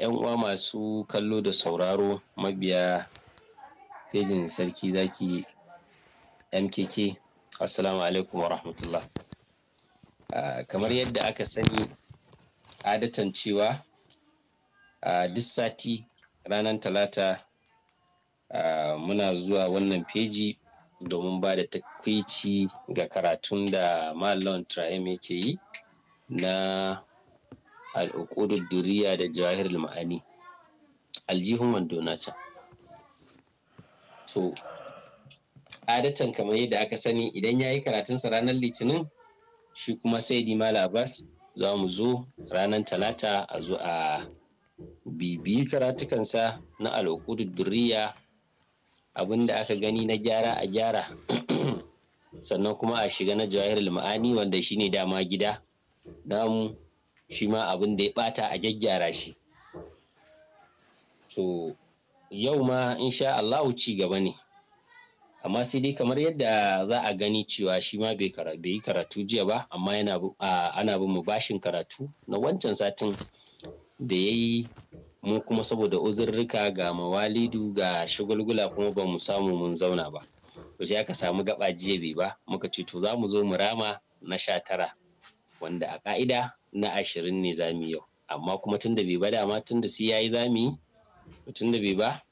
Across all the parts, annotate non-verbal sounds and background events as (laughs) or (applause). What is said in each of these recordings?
'yan uwa masu kallo da sauraro mabiya fejin sarki zaki mkk assalamu alaikum wa rahmatullah kamar yadda aka sani adatan cewa duk sati ranar talata muna zuwa wannan feji domin ba da takwici ga karatun da Malam Trahim yake yi na al'uqudud duriya da jawahirul ma'ani aljihun wando nata to adatan kamar yadda aka sani idan ya yi karatunsa ranar litinin shi kuma sai dima labas za mu zo ranar talata a zo a bibiyi karatukansa na al'uqudud duriya abinda aka gani na gyara a gyara (clears throat) sannan kuma a shiga na jawahirul ma'ani wanda shine dama gida damu. shi ma abin da ya bata a gyaggyara shi to yau ma sha Allahu ci gaba ne amma sai dai kamar yadda za a gani cewa shi ma bai yi karatu jiya ba amma yana ana bin mu bashin karatu na wancan satin da ya yi mu kuma saboda uzurrika ga mawalidu ga shagulgula kuma ba mu samu mun zauna ba. sai aka samu gaba jiya bai ba muka ce to za mu zo mu rama na sha tara wanda a ƙa'ida na ashirin ne za mu yau amma kuma tun da bai ba dama tun da sai ya yi za mu yi tun da bai ba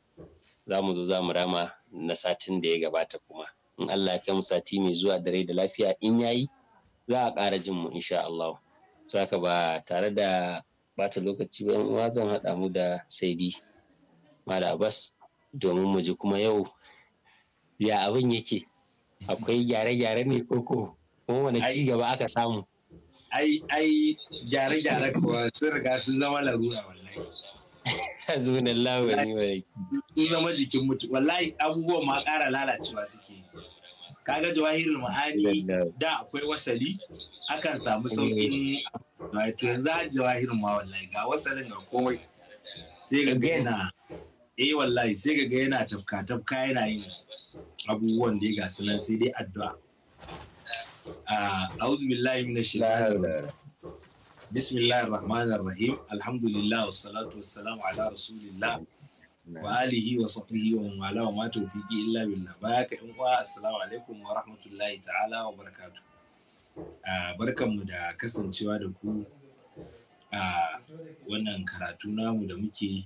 za mu zo za mu rama na satin da ya gabata kuma in Allah ya mu sati mai zuwa dare da lafiya in yayi za a ƙara jin mu insha Allah so haka ba tare da bata lokaci ba uwa zan haɗa mu da saidi mala abbas domin mu ji kuma yau ya abin yake akwai gyare-gyare ne koko kuma wani ci gaba aka samu ai gyare gyare kuwa sun riga sun zama larura wallahi zunan lawani wai sun zama jikin mutu wallahi abubuwan ma ƙara lalacewa suke kaga jawahirul ma'ani da akwai wasali akan samu sauƙin wato yanzu a jawahirul ma wallahi ga wasalin ga komai sai ga gaina eh wallahi sai ga gaina tafka tafka yana yin abubuwan da ya gasu nan sai dai addu'a a'udhu billahi minash shaitanir bismillahir rahmanir rahim alhamdulillah ala rasulillah wa alihi wa sahbihi wa man wala wa ma tawfiqi illa billah baraka in uwa assalamu alaikum wa rahmatullahi ta'ala wa barakatuh barkanmu da kasancewa da ku a wannan karatu namu da muke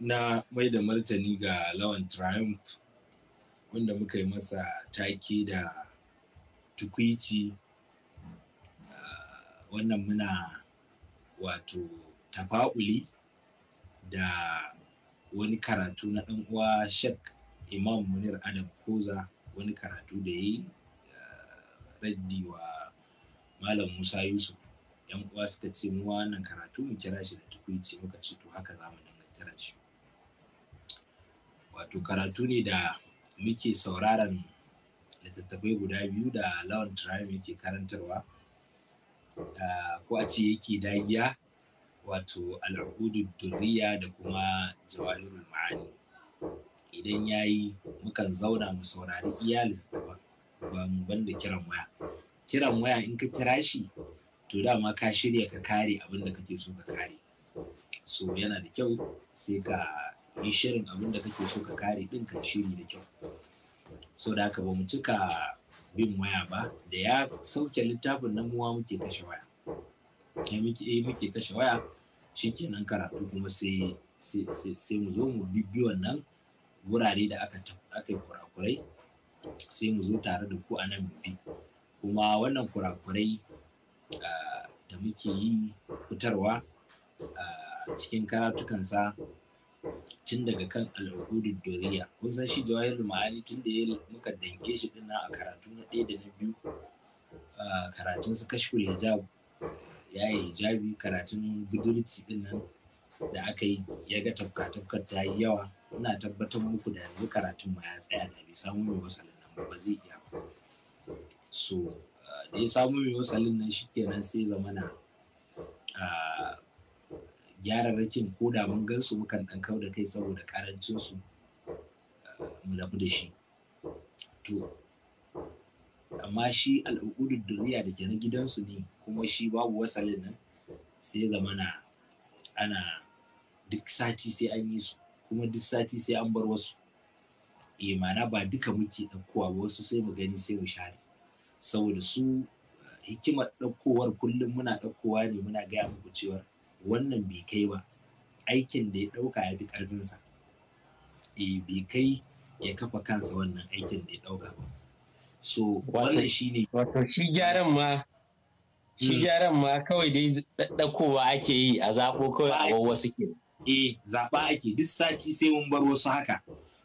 na mai da martani ga lawan triumph wanda muka yi masa take da tukwici ah, wannan muna wato tafa'uli da wani karatu na ɗan uwa shek imam munir adam koza wani karatu da ya yi ah, raddi wa malam musa yusuf yan uwa suka ce mu wannan karatu mu kira shi da tukwici muka ce to haka za mu dinga shi wato karatu ne da muke sauraron littattafai guda biyu da lawan Trami yake karantarwa ah, ko a ce yake dagiya wato al'udu duriya da kuma jawahirul ma'ani idan ya yi mukan zauna mu saurari iya littattafan ba mu banda kiran waya kiran waya in ka kira shi to dama ka shirya ka kare abin da kake so ka kare so yana da kyau sai ka yi shirin abin da kake so ka kare din ka shiri da kyau so da haka ba mu cika bin waya ba da ya sauke littafin na muwa muke kashe waya ya muke kashe waya shikenan karatu kuma sai sai mu zo mu bibbi wannan wurare da aka aka yi kurakurai sai mu zo tare da ku a nan mu bi kuma wannan kurakurai ah, da muke yi fitarwa ah, cikin karatukansa tun daga kan al'ukudu doriya kun san shi jawahirul ma'ani tun da ya muka danke shi dinnan a karatu na ɗaya da na biyu karatun su kashful hijab ya yi hijabi karatun budurci dinnan da aka yi ya ga tafka ta yi yawa ina tabbatar muku da yanzu karatun ma ya tsaya da bai samu mai wasalin nan ba zai iya so da ya samu mai wasalin nan shikenan sai zamana gyararrakin ko da mun gansu mukan ɗan kawo da kai saboda karancin su eh, mu rabu da shi to amma shi al'ukudu duniya da ke na gidansu ne kuma shi babu wasalin nan sai zamana ana duk sati sai an yi su kuma duk sati sai an bar wasu Imana eh, ba duka muke ɗaukowa ba wasu sai mu gani sai mu share saboda su eh, hikimar ɗaukowar kullum muna ɗaukowa ne muna gaya muku cewar wannan bai kai ba aikin da ya ɗauka ya fi ƙarfinsa e bai kai ya kafa kansa wannan aikin da ya ɗauka ba so wannan shi ne wato shi gyaran ma shi hmm. gyaran ma kawai dai ɗaɗɗakowa ake yi a zaɓo kawai a wasu ke E, zaɓa ake duk sati sai mun bar wasu haka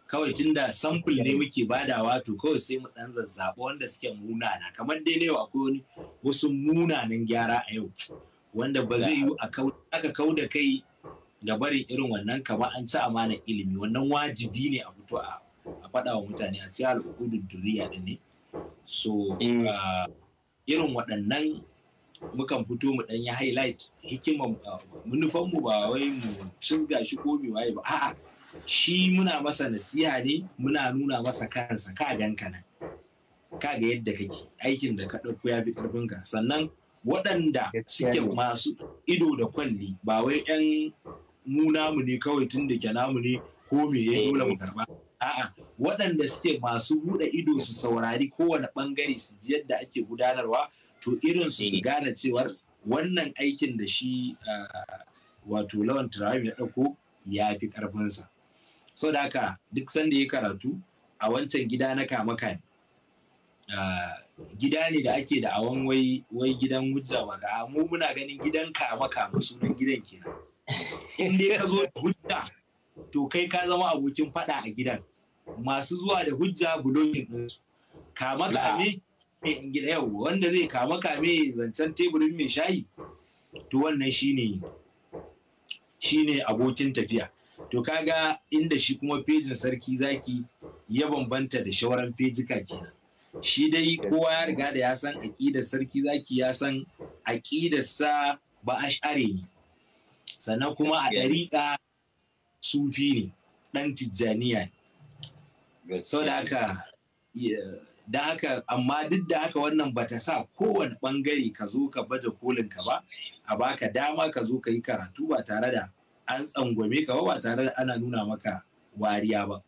kawai tunda sample ne muke badawa to kawai sai mu ɗan zazzaɓa wanda suke munana kamar dai ne akwai wani wasu munanan gyara a yau wanda ba zai yi aka kau da kai da barin irin wannan kama an ci amana ilimi wannan wajibi ne a fito a faɗa wa mutane a cikin al'udun duriya da ne so mm. ah, irin waɗannan mukan fito mu ɗan yi highlight hikimar ah, manufanmu ba wai mu cizga shi ko mai waye ba a'a shi muna masa nasiha ne muna nuna masa kansa ka ganka nan ka ga yadda kake aikin da ka ɗauko ya fi ƙarfinka sannan waɗanda suke masu ido da kwalli ba wai 'yan mu ne kawai tun da ke namu ne ko me ya dole mu karba a'a waɗanda suke masu buɗe ido su saurari kowane ɓangare su ji yadda ake gudanarwa to irin su su eh. gane cewar wannan aikin da shi wato lawan turawa ya ɗauko ya fi ƙarfinsa so da haka duk sanda ya karatu a wancan gida na kama kame gida ne da ake da awon wai wai gidan hujja ba ga mu muna ganin gidan kama kama sunan gidan kenan in dai ka zo da hujja to kai ka zama abokin fada a gidan masu zuwa da hujja bulokin ɗinsu kama kame in gida yau wanda zai kama kame zancen teburin mai shayi to wannan shine shine abokin tafiya to kaga inda shi kuma fejin sarki zaki ya bambanta da shawaran fejika kenan shi dai kowa ya riga da ya san aƙidar sarki zaki ya san aƙidar sa ba share ne sannan kuma a ɗariƙa sufi ne ɗan tijjaniya ne sau da haka da haka amma duk da haka wannan ba ta sa kowane ɓangare ka zo ka baje kolin ka ba a baka dama ka zo ka yi karatu ba tare da an tsangwame ka ba ba tare da ana nuna maka wariya ba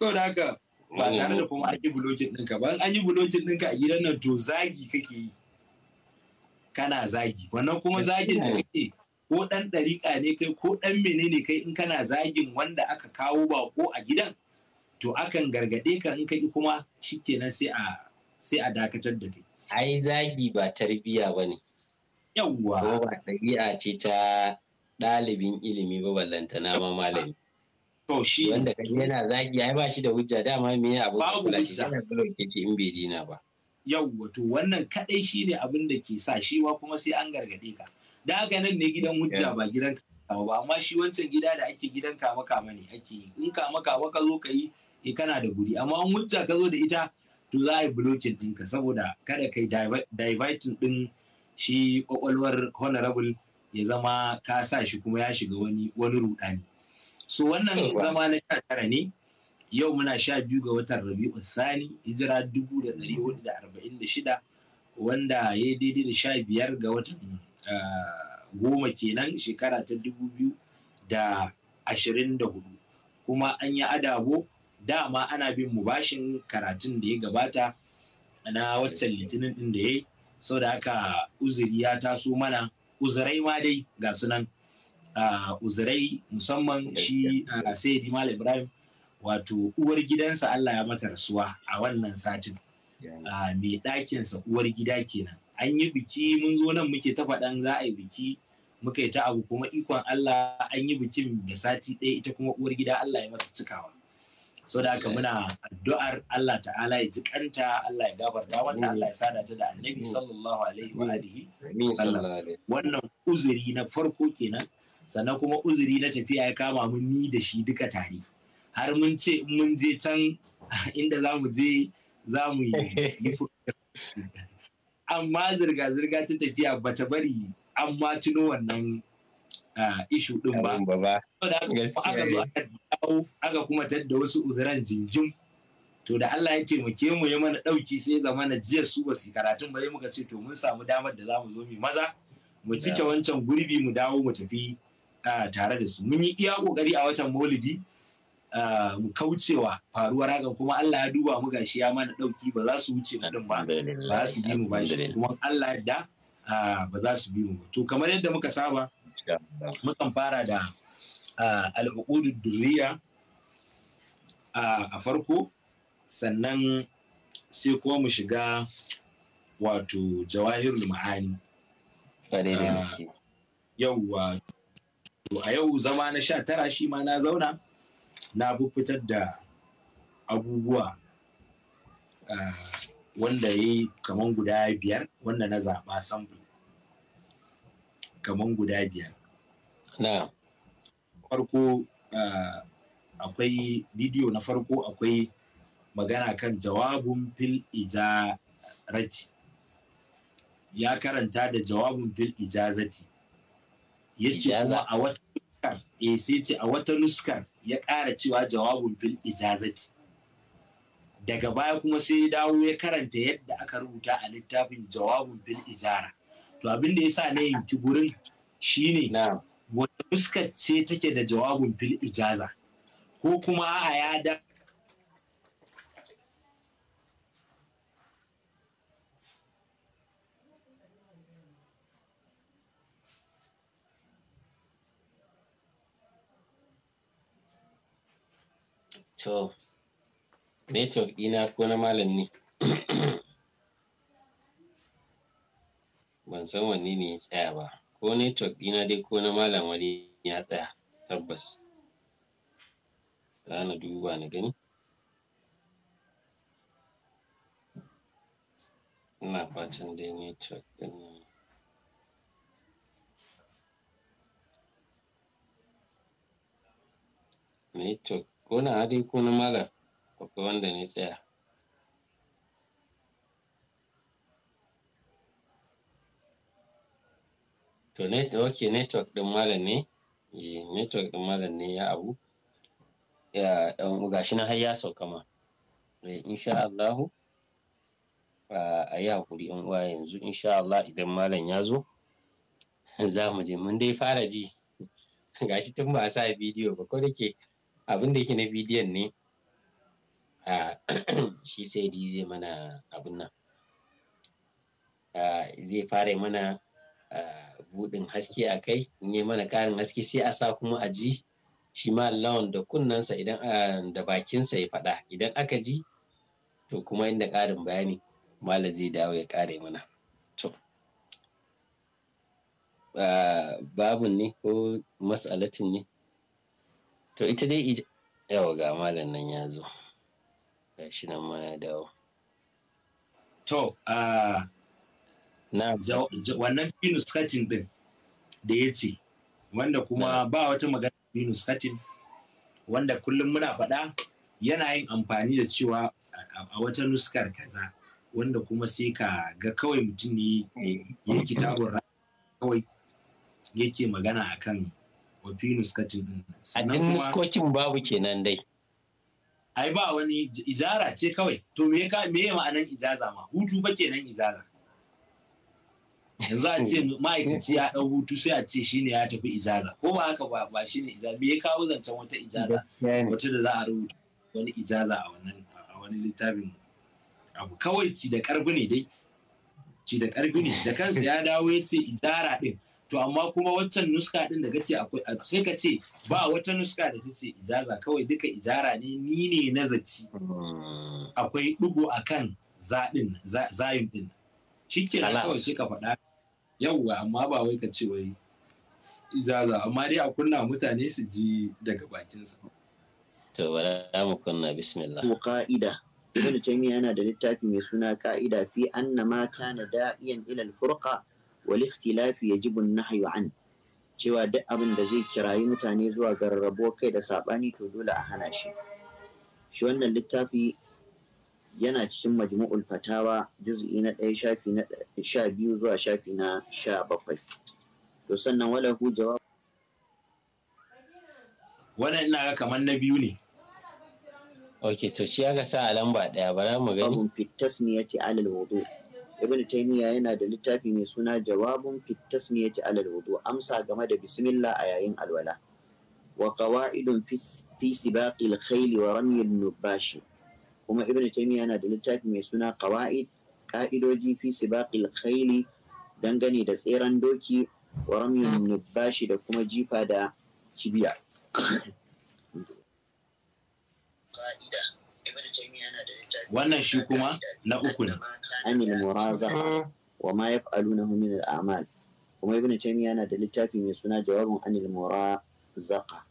sau da haka ba tare da kuma an yi bulojin ɗinka ba an yi bulojin ɗinka a gidan nan to zagi kake yi kana zagi wannan kuma zagin da kake ko ɗan ɗariƙa ne kai ko ɗan menene kai in kana zagin wanda aka kawo ba ko a gidan to akan gargaɗe ka in kai kuma shikenan sai a sai a dakatar da kai ai zagi ba tarbiya ba ne yawwa ba ɗabi'a ce ta ɗalibin ilimi ba ballantana ma malami shi wanda kaji yana zagi ai ba shi da hujja dama me ya abu babu hujja in bai dina ba. Yawwa to wannan kadai shi ne abin da ke sa shi wa kuma sai an gargade ka. Da haka nan ne gidan hujja ba gidan kama ba amma shi wancan gida da ake gidan kama kama ne ake yi in kama kama ka zo ka yi e kana da guri amma an hujja ka zo da ita to za a yi blocking ɗinka saboda kada kai diverting ɗin shi kwakwalwar honorable ya zama ka sa shi kuma ya shiga wani wani rudani. so wannan zama na sha tara ne yau muna sha biyu ga watan rabi'u sani hijira dubu da ɗari hudu da arba'in da shida wanda ya daidai da sha biyar ga watan ah, goma kenan shekara ta dubu biyu da ashirin da hudu kuma an yi adabo dama ana bin mu bashin karatun da ya gabata na watan litinin ɗin da ya yi sau da haka uzuri ya taso mana uzurai ma dai ga sunan uzurai musamman shi sayyidi Malam Ibrahim wato uwar gidansa Allah ya mata rasuwa a wannan satin mai ɗakinsa uwar gida kenan an yi biki mun zo nan muke ta faɗan za a yi biki muka yi ta abu kuma ikon Allah an yi bikin da sati ɗaya ita kuma uwar gida Allah ya mata cikawa so da haka muna addu'ar Allah ta'ala ya ji kanta Allah ya gafarta wata Allah ya sada ta da annabi sallallahu alaihi wa alihi wannan uzuri na farko kenan sannan kuma uzuri na tafiya ya kama mun ni da shi duka tare har mun ce mun je can (laughs) inda za mu je za mu yi (laughs) amma zirga-zirga ta tafiya ba ta bari an ma tuno wannan ishu din ba aka kuma tadda wasu uzuran jinjin to da Allah ya taimake mu ya mana ɗauki sai zama na jiya su ba su karatun ba muka ce to mun samu damar da za mu zo mu maza mu cike wancan gurbi mu dawo mu tafi tare da su mun yi iya kokari a watan maulidi mu kaucewa faruwar hakan kuma Allah ya duba mu gashi ya mana dauki ba za su wuce na din ba ba za su bi mu ba kuma Allah da ba za su bi mu to kamar yadda muka saba mukan fara da al'uqudud durriya a farko sannan sai kuma mu shiga wato jawahirul ma'ani yauwa to a yau zama na sha tara shi ma na zauna na fitar da abubuwa wanda ya yi kaman guda biyar wanda na zaɓa sample kaman guda biyar na farko akwai bidiyo na farko akwai magana kan jawabun fil ijarati ya karanta da jawabun fil ijazati ya ce kuma a wata nuskar eh, ya sai ce a wata nuskar ya ƙara cewa jawabin bil ijazati daga baya kuma sai dawo ya karanta yadda aka rubuta a littafin jawabin bil ijara to abin da ya sa na yanki gurin shine wata nuskar ce take da jawabin bil ijaza ko kuma a ya to network ɗina ko na malam ne ban san wanne ne ya tsaya ba ko network ɗina dai ko na malam wani ya tsaya tabbas za na duba na gani ina fatan dai network ɗin network ko na hali ko na malam akwai wanda ne tsaya to ne wake network din malam ne eh, network din malam ne ya abu ya um, gashi na har ya sauka ma eh, insha Allah a yi hakuri ɗan uwa yanzu insha Allah idan malam ya zo (laughs) za mu je mun dai fara ji (laughs) gashi tun ba a sa bidiyo ba ko da ke abin da yake na bidiyon ne (clears throat) shi sai di zai mana abin nan zai fara mana buɗin haske a kai in yi mana ƙarin haske sai a sa kuma a ji shi ma lawan da kunnensa idan da bakinsa ya faɗa idan aka ji to kuma inda ƙarin bayani mala zai dawo ya ƙare mana to babun ne ko mas'alatin ne to ita dai yawa ga malam nan ya zo ga shi nan ma ya dawo to na wannan binus katin din da ya ce wanda kuma ba wata magana binus katin wanda kullum muna faɗa yana yin amfani da cewa a wata nuskar kaza wanda kuma sai ka ga kawai mutum ne mm. yake tagon kawai yake magana akan wa fi nuskatin din a cikin nuskokin babu kenan dai ai ba wani ijara ce kawai to me ka me ma'anan ijaza ma hutu ba kenan ijaza yanzu a ce hmm. ma'aikaci ya ɗau hutu sai a ce shine ya tafi ijaza ko ba haka ba ba shine ijaza me ya kawo zancen wata ijaza wata da za a rubuta wani ijaza a wannan a wani littafin abu kawai ci da karbi ne dai ci da karbi ne da kansa ya dawo ya ce ijara din to amma kuma waccan nuska din da gace akwai sai ka ce ba wata nuska da ta ce ijaza kawai duka ijara ne ni ne na zaci hmm. akwai a akan zaɗin zayin din shike kawai sai ka faɗa yawwa amma ba wai ka ce wai ijaza amma dai a kunna mutane su ji daga bakinsa to wala mu kunna bismillah ka'ida ibnu taymiya yana da littafi mai suna ka'ida fi annama kana da'iyan ila al-furqa wal ikhtilafi yajibu nahyu an cewa duk abin da zai kirayi mutane zuwa ga rarrabuwar kai da saɓani to dole a hana shi shi wannan littafi yana cikin majmu'ul fatawa juz'i na ɗaya shafi na sha biyu zuwa shafi na sha bakwai to sannan walahu jawab wannan ina ga kamar na biyu ne ok to shi aka sa a lamba ɗaya bara mu gani babun fit tasmiyati alal wudu' ibn taymiya yana da littafi mai suna jawabun fit tasmiyati alal wudu amsa game da bismillah a yayin alwala wa qawaidun fi sibaqi al-khayl wa ramy nubashi kuma ibn taymiya yana da littafi mai suna qawaid ka'idoji fi sibaqi al-khayl dangane da tseren doki wa ramy nubashi da kuma jifa da kibiya ka'ida ibn taymiya yana da wannan shi kuma na uku ne Amin Muraza wa ma yaf'alunahu min al'amal. amal kuma Ibn taymiya yana da littafi mai suna jawabun anil murazaqa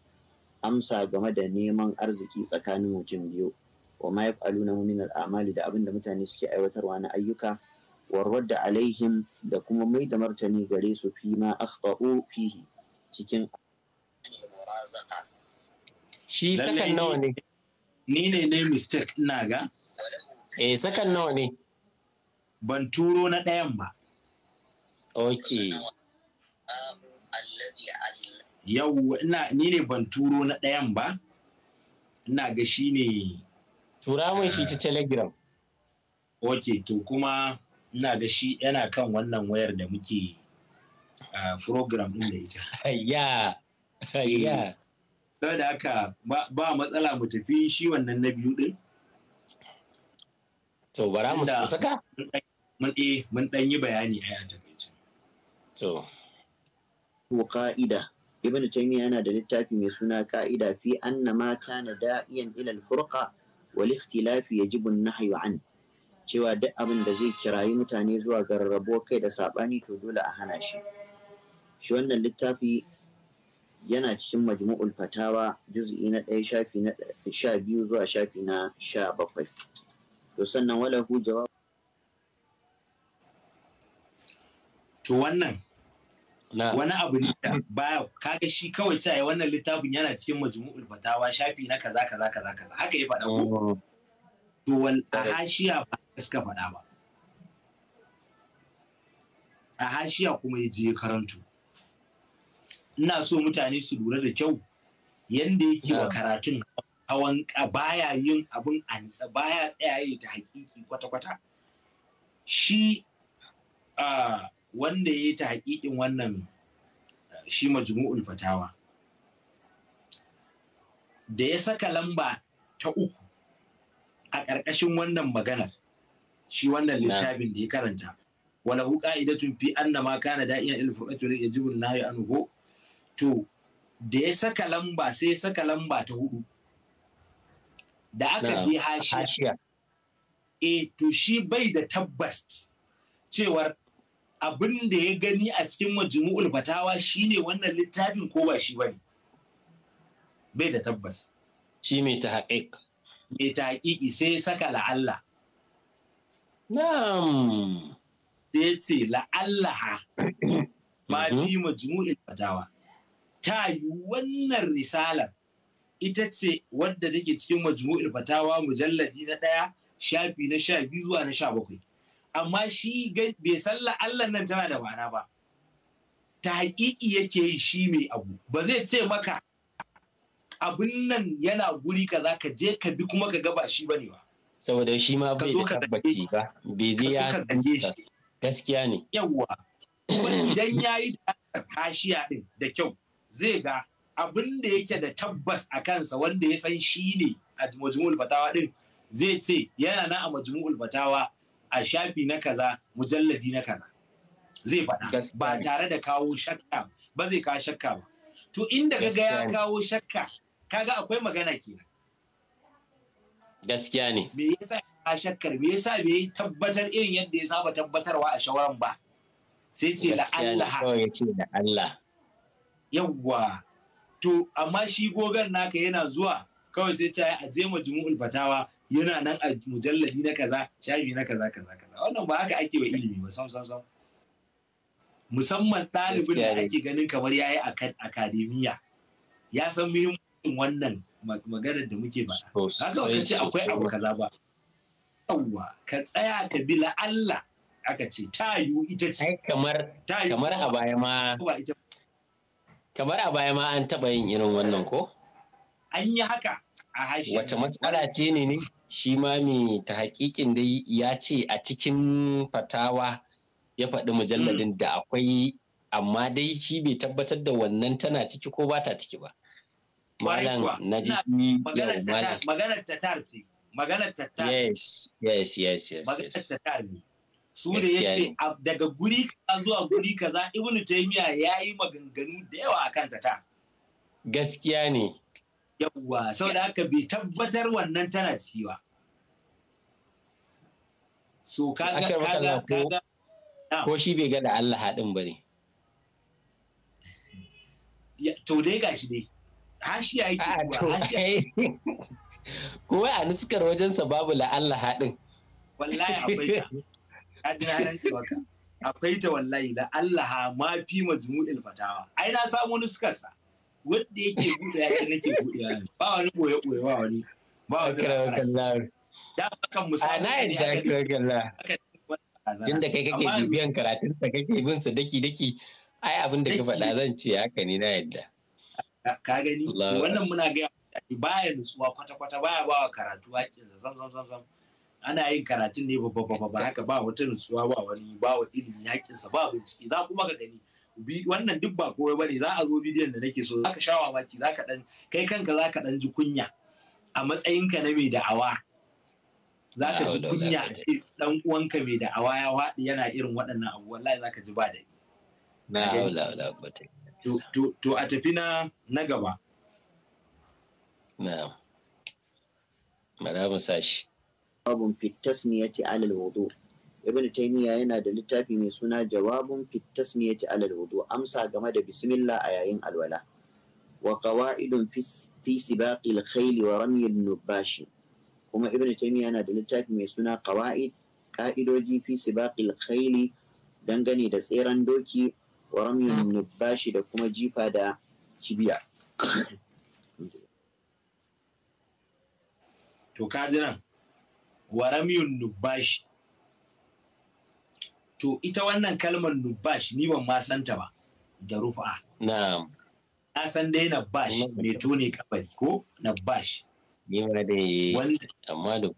amsa game da neman arziki tsakanin mutum biyu wa ma yaf'alunahu min al-a'mali da abin da mutane suke aiwatarwa na ayyuka warwar da alaihim da kuma mai da martani gare su fi ma akhta'u fihi cikin shi sakan nawa ne ni ne ne mistake ina ga eh sakan nawa ne ban turo na ɗayan ba ok yau ni ne ban turo na ɗayan ba ina ga shi ne tura mun shi ta eh, telegram ok to kuma ina ga shi yana kan wannan wayar da muke eh, program ɗin da ita ya ya da haka ba matsala mu tafi shi wannan na biyu ɗin to bara mu saka mun eh mun dan yi bayani a takaice to to ka'ida ibn taymiya yana da littafi mai suna ka'ida fi anna ma kana da'iyan ila al-furqa wal ikhtilafi an-nahyu an cewa duk abin da zai kirayi mutane zuwa ga kai da sabani to dole a hana shi shi wannan littafi yana cikin majmu'ul fatawa juz'i na ɗaya shafi na sha biyu zuwa shafi na sha bakwai to sannan ku jawab to wannan wani abu ne da baya kaga shi kawai cewa wannan littafin yana cikin majmu'ul fatawa shafi na kaza kaza kaza kaza haka ya faɗa ko oh. to wal ahashiya ba suka faɗa ba ahashiya kuma ya je karantu ina so mutane su lura da kyau yanda yake wa karatun a wanka baya yin abin nisa baya tsayaye ta hakiki kwata-kwata shi wanda ya yi ta hakikin wannan shi majmu'ul fatawa da ya saka lamba ta uku a ƙarƙashin wannan maganar shi wannan littafin da ya karanta wala qa'idatun fi anna ma kana da'iyan il ya yajibu an-nahyu anugo to da ya saka lamba sai ya saka lamba ta hudu da aka je hashiya e eh, to shi bai da tabbas cewar abin da ya gani a cikin majmu'ul fatawa shine wannan littafin ko ba shi bane bai da tabbas shi mai ta haƙiƙ mai ta haƙiƙi sai saka la'alla na'am sai ce la'allaha ma bi mhm. majmu'ul fatawa ta yi wannan risalar ita ce wadda take cikin majmu'ul fatawa mujalladi na ɗaya shafi na sha biyu zuwa na sha bakwai amma shi bai sallah Allah nan tana da ma'ana ba ta haƙiƙi yake yi shi mai abu ba zai ce maka abin nan yana guri ka za ka je ka bi kuma ka gaba shi bane ba saboda shi ma bai da tabbaci ba bai zai ya gaskiya ne yawwa idan ya yi da kashiya din da kyau zai ga abin da yake da tabbas a kansa wanda ya san shi ne a majmu'ul fatawa din zai ce yana na a majmu'ul fatawa a shafi na kaza mujalladi na kaza zai faɗa ba tare da kawo shakka ba zai kawo shakka ba to inda kaga ya kawo shakka kaga akwai magana kenan gaskiya ne me yasa ka shakkar me yasa me tabbatar irin yadda ya saba tabbatarwa a shawaran ba sai ce da Allah yawwa to amma shi gogar naka yana zuwa kawai sai ce a je jumu'ul fatawa yana nan a mujalladi na kaza shafi na kaza kaza kaza wannan ba haka ake wa ilimi ba sam sam sam musamman ɗalibin da ake ganin kamar ya yi akademiya ya san muhimmancin wannan maganar da muke ba haka ka ce akwai abu kaza ba yawwa ka tsaya ka bi Allah aka ce ta yiwu ita ce kamar a baya ma kamar a baya ma an taɓa yin irin wannan ko an yi haka a hashe wace matsala ce ne ne shi ma mai ta haƙiƙin dai ya ce a cikin fatawa ya faɗi mujalladin da akwai amma dai shi bai tabbatar da wannan tana ciki ko ba ta ciki ba malam na ji maganar tatar ce maganar tatar yes yes yes yes maganar tatar su da ya ce daga guri kaza zuwa guri kaza ibnu taymiya ya yi maganganu da yawa a kanta ta gaskiya ne yawwa da haka bai tabbatar wannan tana ci ba so kaga kaga kaga ko shi bai ga da Allah haɗin bane to dai gashi dai hashiya yake ah, kuwa hashiya kuwa (laughs) a nuskar wajensa babu la'alla haɗin wallahi abai (laughs) adilalanci maka akwai ta wallahi da Allah ma fi majmu'il fatawa ai na samu wani sa wanda yake buɗe ya nake buɗe ba wani boye boye ba wani ba wani kallon ya kan musamman na yadda kake kallon tun da kai kake bibiyan karatun sa kake bin sa daki daki ai abin da ka faɗa zan ce haka ne na yadda ka gani wannan muna ga baya nutsuwa kwata kwata baya bawa karatu hakin sa zam zam zam ana yin karatun ne ba ba ba haka ba wata nutsuwa ba wani ba wa irin yakinsa ba bincike za kuma ka gani wannan duk ba kowai bane za a zo bidiyon da nake so za ka sha mamaki za ka dan kai kanka za ka dan ji kunya a matsayinka na mai da'awa za ka ji kunya dan uwanka mai da'awa ya waɗi yana irin waɗannan abu wallahi za ka ji ba da ni To a tafi na na gaba. Na'am. Mara musashi. jawabun fitasmiyati alal wudu ibn taymiya yana da littafi mai suna jawabun fitas fitasmiyati alal wudu amsa game da bismillah a yayin alwala wa qawaidun fi sibaqil khayli wa ramyin nubashi kuma ibn taymiya yana da littafi mai suna qawaid ka'idoji fi sibaqil khayli dangane da tseren doki wa ramyin nubashi da kuma jifa da kibiya to ka waramiyun nubash to ita wannan kalmar nubash ni ban ma santa ba da rufa na'am na san dai na bash mai tone kabari ko na bash ni ma dai amma da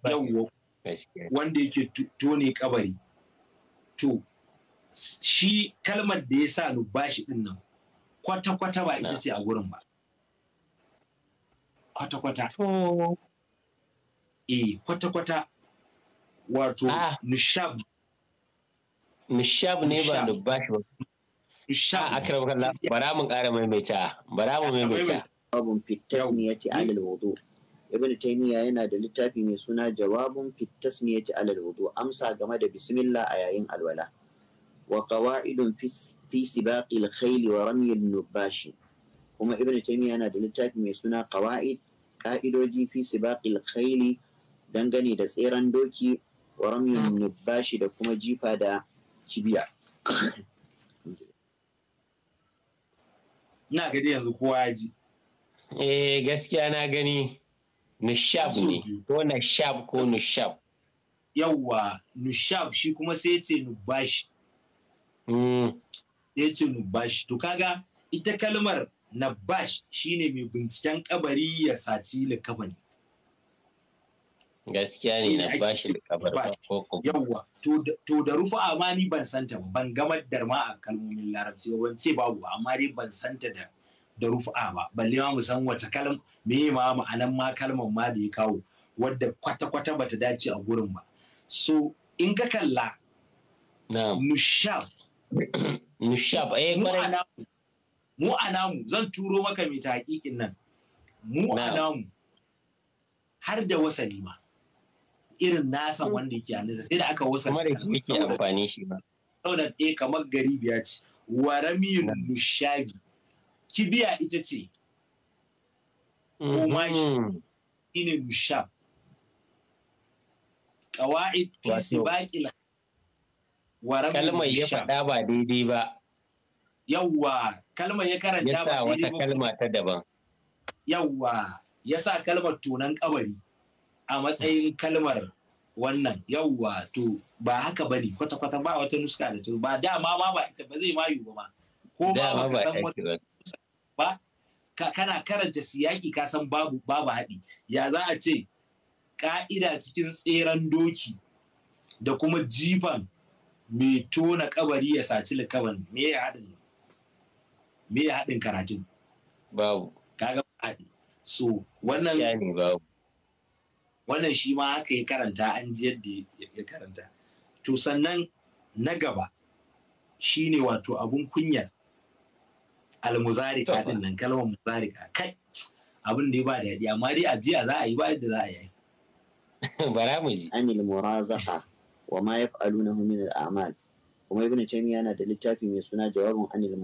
wanda yake tone kabari to shi kalmar da ya sa nubashi din nan kwata-kwata ba ita ce a gurin ba kwata-kwata eh kwata-kwata wato ah. nushab nushab ne ba nubash ba nushab a ah, akram kallah bara mun ƙara maimaita bara mun maimaita Jawabun fitas babun fitasmiyati alal wudu ibn taymiya yana da littafi mai suna jawabun fitas ne fitasmiyati alal wudu amsa game da bismillah a yayin alwala wa qawaidun fi sibaqi al-khayl wa ramy nubashi kuma ibn taymiya yana da littafi mai suna qawaid ka'idoji fi sibaqi al-khayl dangane da tseren doki wa ramyun da kuma jifa da kibiya na gani yanzu kowa ji eh gaskiya na gani nushab ne ko nushab ko nushab yawwa nushab shi kuma sai ce nubashi hmm. sai ce nubashi to kaga ita kalmar nabash ne mai binciken kabari ya saci likabani gaskiya ne na bashi da kabar yawwa to da rufa ma ni ban santa ba ban gama darma a kalmomin larabci ba ban ce babu amma dai ban santa da da rufa ba balle ma mu san wace kalm me ma ma'anan ma kalmar ma da ya kawo wadda kwata-kwata bata dace a gurin ba so in ka kalla nushab (clears throat) nushab eh kwarai mu a namu zan turo maka mai nan mu anamu har da wasani ma irin nasa mm. wanda yake a nesa sai da aka wasa kamar da ke amfani shi ba saboda eh kamar gari biya ce waramiyun mm. nushabi kibiya ita ce komashi mm-hmm. ba nushab qawaid fi sibaqil waramiyun kalmar ya faɗa ba daidai ba yawwa kalmar ya karanta ba daidai ba yasa wata kalma ta daban yawwa yasa kalmar tunan kabari a matsayin kalmar wannan yawwa to ba haka ba ne kwata-kwata ba wata nuska da ta ba dama ma ba ita ba zai mayu ba ma ko ba ba san wata ba kana karanta siyaki ka san babu babu haɗi ya za a ce ka'ida cikin tseren doki da kuma jifan mai tona kabari ya saci likaban me ya haɗin me ya haɗin karatun babu kaga haɗi so wannan babu wannan shi ma haka ya karanta an ji yadda ya karanta to sannan na gaba shi ne wato abun kunyar almuzarika din nan kalmar muzarika kai abin da ya ba da yadi amma dai jiya za a yi ba yadda za a yi (laughs) bara mu ji anil murazaqa wa ma yaf'alunahu min al-a'mal kuma ibnu taymiya yana da littafi mai suna jawabun anil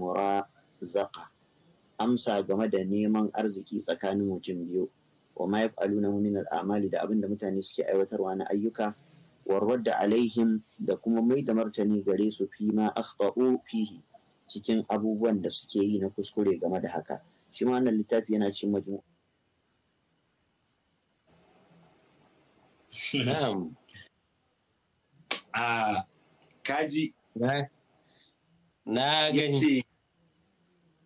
amsa game da neman arziki tsakanin mutum biyu wa ma na min al'amali da abin da mutane suke aiwatarwa na ayyuka warwadda alaihim da kuma mai da martani gare su fi ma akhta'u fihi cikin abubuwan da suke yi na kuskure game da haka shi ma wannan littafi yana cikin majmu na'am ah, a na gani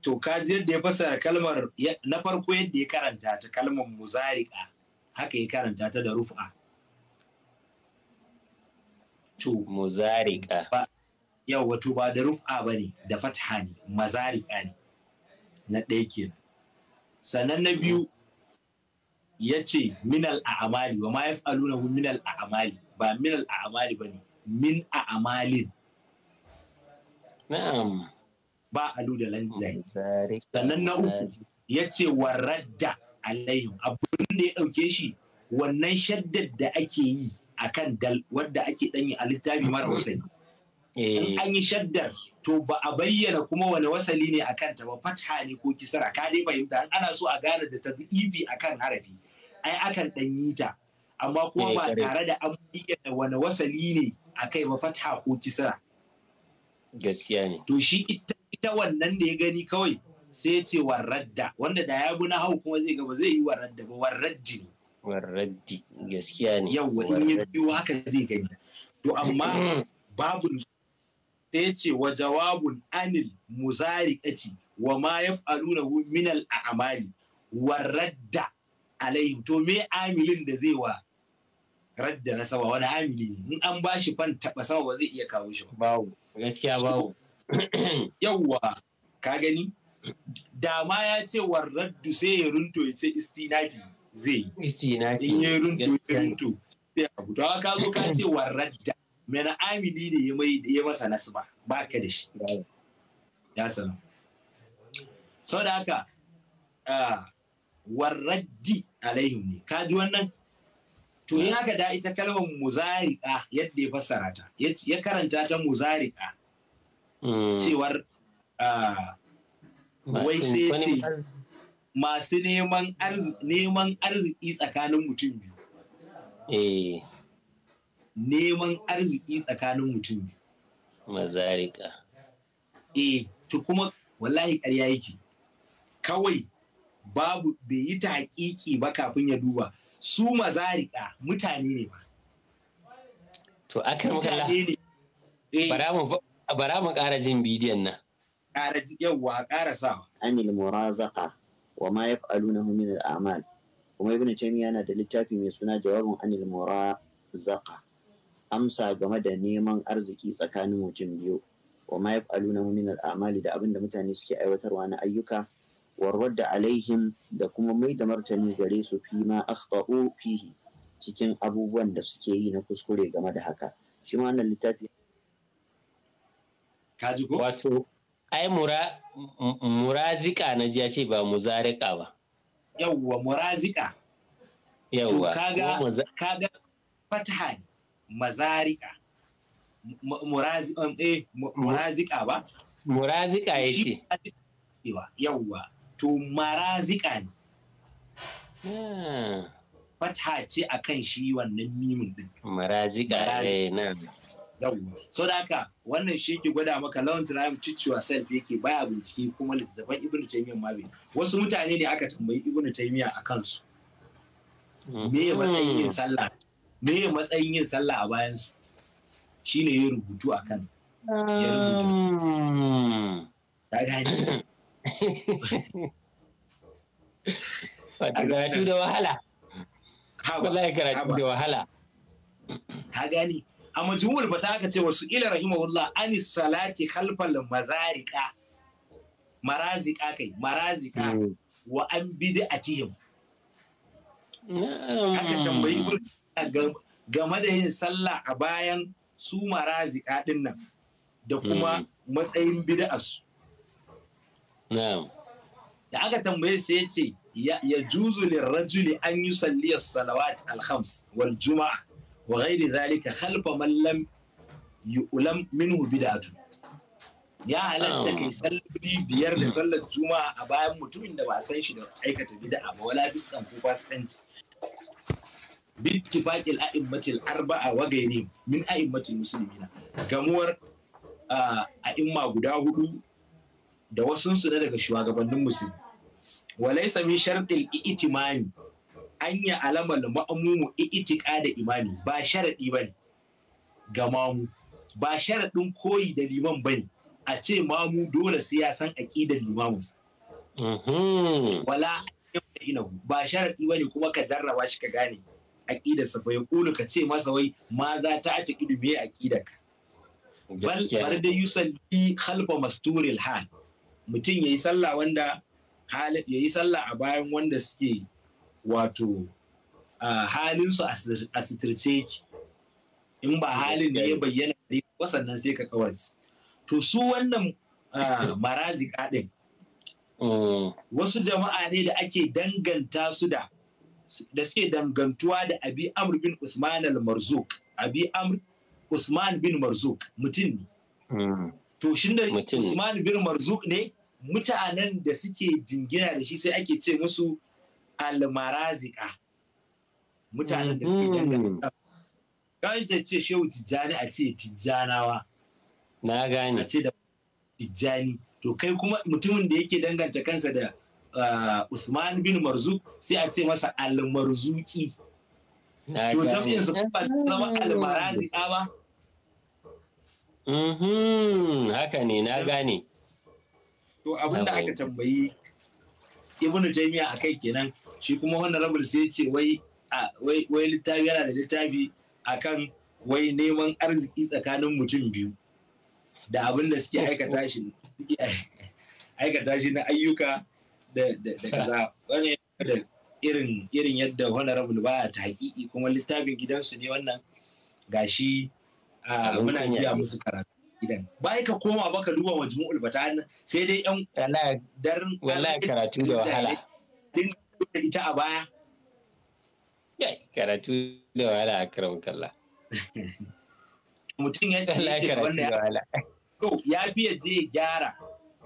to kaji yadda ya fasara kalmar na farko yadda ya karanta ta kalmar muzarika haka ya karanta ta da rufa to muzarika yau wato ba da rufa ba ne da fatha ne mazarika ne na ɗaya ke sannan na biyu ya ce minal a amali wa ma aluna minal a amali ba minal a amali ba ne min a na'am ba alu da lanjayi sannan na uku ya ce warradda. radda alaihim abin da ya ɗauke shi wannan shaddar da ake yi a kan dal wadda ake ɗanyi a littafi mara wasali eh. an yi shaddar to ba a bayyana kuma wani wasali ne a kanta ba fatha ne ko kisara ka dai fahimta ana so a gane da ta a kan harafi ai akan ɗanyi ta amma kuma eh, ba tare da an bayyana wani wasali ne a kai ba fatha ko kisara gaskiya ne to shi ita ita wannan da ya gani kawai sai ce warradda wanda da ya bi na hau kuma zai gaba zai yi warradda ba warraddi ne warraddi gaskiya ne Yau in ya biyo haka zai gani to amma (clears throat) babu sai ce wa jawabun anil Muzari kaci wa ma yaf'alunahu min al a'mali warradda alaihi to me amilin da zai wa radda na sama wani amili ne in an ba shi fan taba sama ba zai iya kawo shi ba babu gaskiya babu (clears throat) yawwa ka gani Dama ya ce warraddu sai ya runto ya ce istinafi zai yi in ya runto ya runto sai abu da ka zo ka ce (clears throat) warradda mena amini ne ya mai da ya masa nasba ba ka da shi ya sanar sau da haka warraddi alaihim ne ka ji wannan to yin haka da ita kalmar muzarika yadda ya fassara ta ya karanta ta muzarika Mm. cewar ah, wai sai ce masu neman arziki tsakanin mutum biyu eh. neman arziki tsakanin mutum biyu mazarika eh to kuma wallahi ƙarya yake kawai babu bai yi ta hakiki ba kafin ya duba su mazarika mutane ne ba to akan mutane ne eh. bara bara mu ƙara jin bidiyon nan ƙara yawwa ƙara anil murazaqa wa ma yaf'alunahu amal kuma Ibn taymiya yana da littafi mai suna jawabin anil murazaqa amsa game da neman arziki tsakanin mutum biyu wa ma yaf'alunahu amal da abin da mutane suke aiwatarwa na ayyuka warwar da alaihim da kuma mai da martani gare su fi ma akhta'u fihi cikin abubuwan da suke yi na kuskure game da haka shi ma wannan littafi Ka ji ko? Wato, ai murazika na ji ce ba muzarika ba. Yawwa murazika. Yawwa. Kaga, kaga fataha mazarika. Um, eh, murazika ba? Murazika ya ce. Yawwa. To marazika ne. Ah. Fataha ce akan shi wannan mimin din. Marazika, eh, na. so da haka wannan shi ke gwada maka lawan tunanin teach yourself yake baya bincike kuma littattafan ibnu taymiya ma bai wasu mutane ne aka tambayi ibnu taymiya a kansu mm. me ya matsayin yin sallah me ya matsayin yin sallah a bayan su shine ya rubutu a kan ya rubuta ta mm. gani A karatu da wahala. Wallahi karatu da wahala. Ka gani a majmu'ul fata aka ce wasu ila rahimahullah ani salati khalfal mazarika marazika kai marazika hmm. wa an bid'atihim hmm. aka tambayi game da yin sallah a bayan su marazika din nan da kuma hmm. matsayin bid'arsu da aka tambaye sai ya ce ya juzu lirrajuli an yi salliyar salawat alhams wal juma'a wa ghairi zalika khalfa man lam yu'lam minhu bid'atu ya halatta kai salloli biyar da sallar juma'a a bayan mutumin da ba a san shi da aikata bid'a ba wala biskan ko Bitti bittifaqil a'immatil arba'a wa gairi min a'immatil muslimina gamuwar a'imma guda hudu da wasunsu na daga shugabannin musulmi walaysa min shartil itimami an yi alamar ma'amumu itika da imami ba sharaɗi ba ne ga mamu ba sharaɗin koyi da liman ba ne a ce mamu dole sai ya san aƙidar sa mhm. Wala inahu ba sharaɗi ba ne kuma ka jarraba shi ka gane aƙidarsa ba ya ƙulu ka ce masa wai ma za ta ta dume me aƙidarka. Bal bar da yusan bi halba masturil hal mutum yayi sallah wanda ya yi sallah a bayan wanda suke wato halinsu a sitirce ki in ba halin da ya bayyana ne wasannan sai ka kawai to su wannan marazi ɗin mm. wasu jama'a ne da ake danganta su da da suke dangantuwa da abi amr bin usman al-marzuk abi amr usman bin marzuk mutum ne mm. to shin da usman bin marzuk ne mutanen da suke jingina da shi sai ake ce musu almarazika mutanen da suke mm-hmm. dangane kawai ta ce shehu tijjani a ce tijjanawa na gane a ce da tijjani to kai kuma mutumin da yake danganta kansa da uh, usman bin Marzu sai a ce masa almarzuki to jami'in su kuma su zama almarazika ba mm-hmm. haka ne na gane to abinda aka tambayi ibnu a kai kenan shi kuma honorable sai ce wai wai littafi yana da littafi akan wai neman arziki tsakanin mutum biyu da abin da suke aikata shi aikata shi na ayyuka da kaza wani da irin irin yadda ba ya ta hakiki kuma littafin gidansu ne wannan gashi muna biya musu karatu gidan bai ka koma ka duba majmu'ul fatahan sai dai yan darin wallahi karatu da wahala da ita a baya karatu da wahala a karam kalla mutum ya wanda ya fi ya je gyara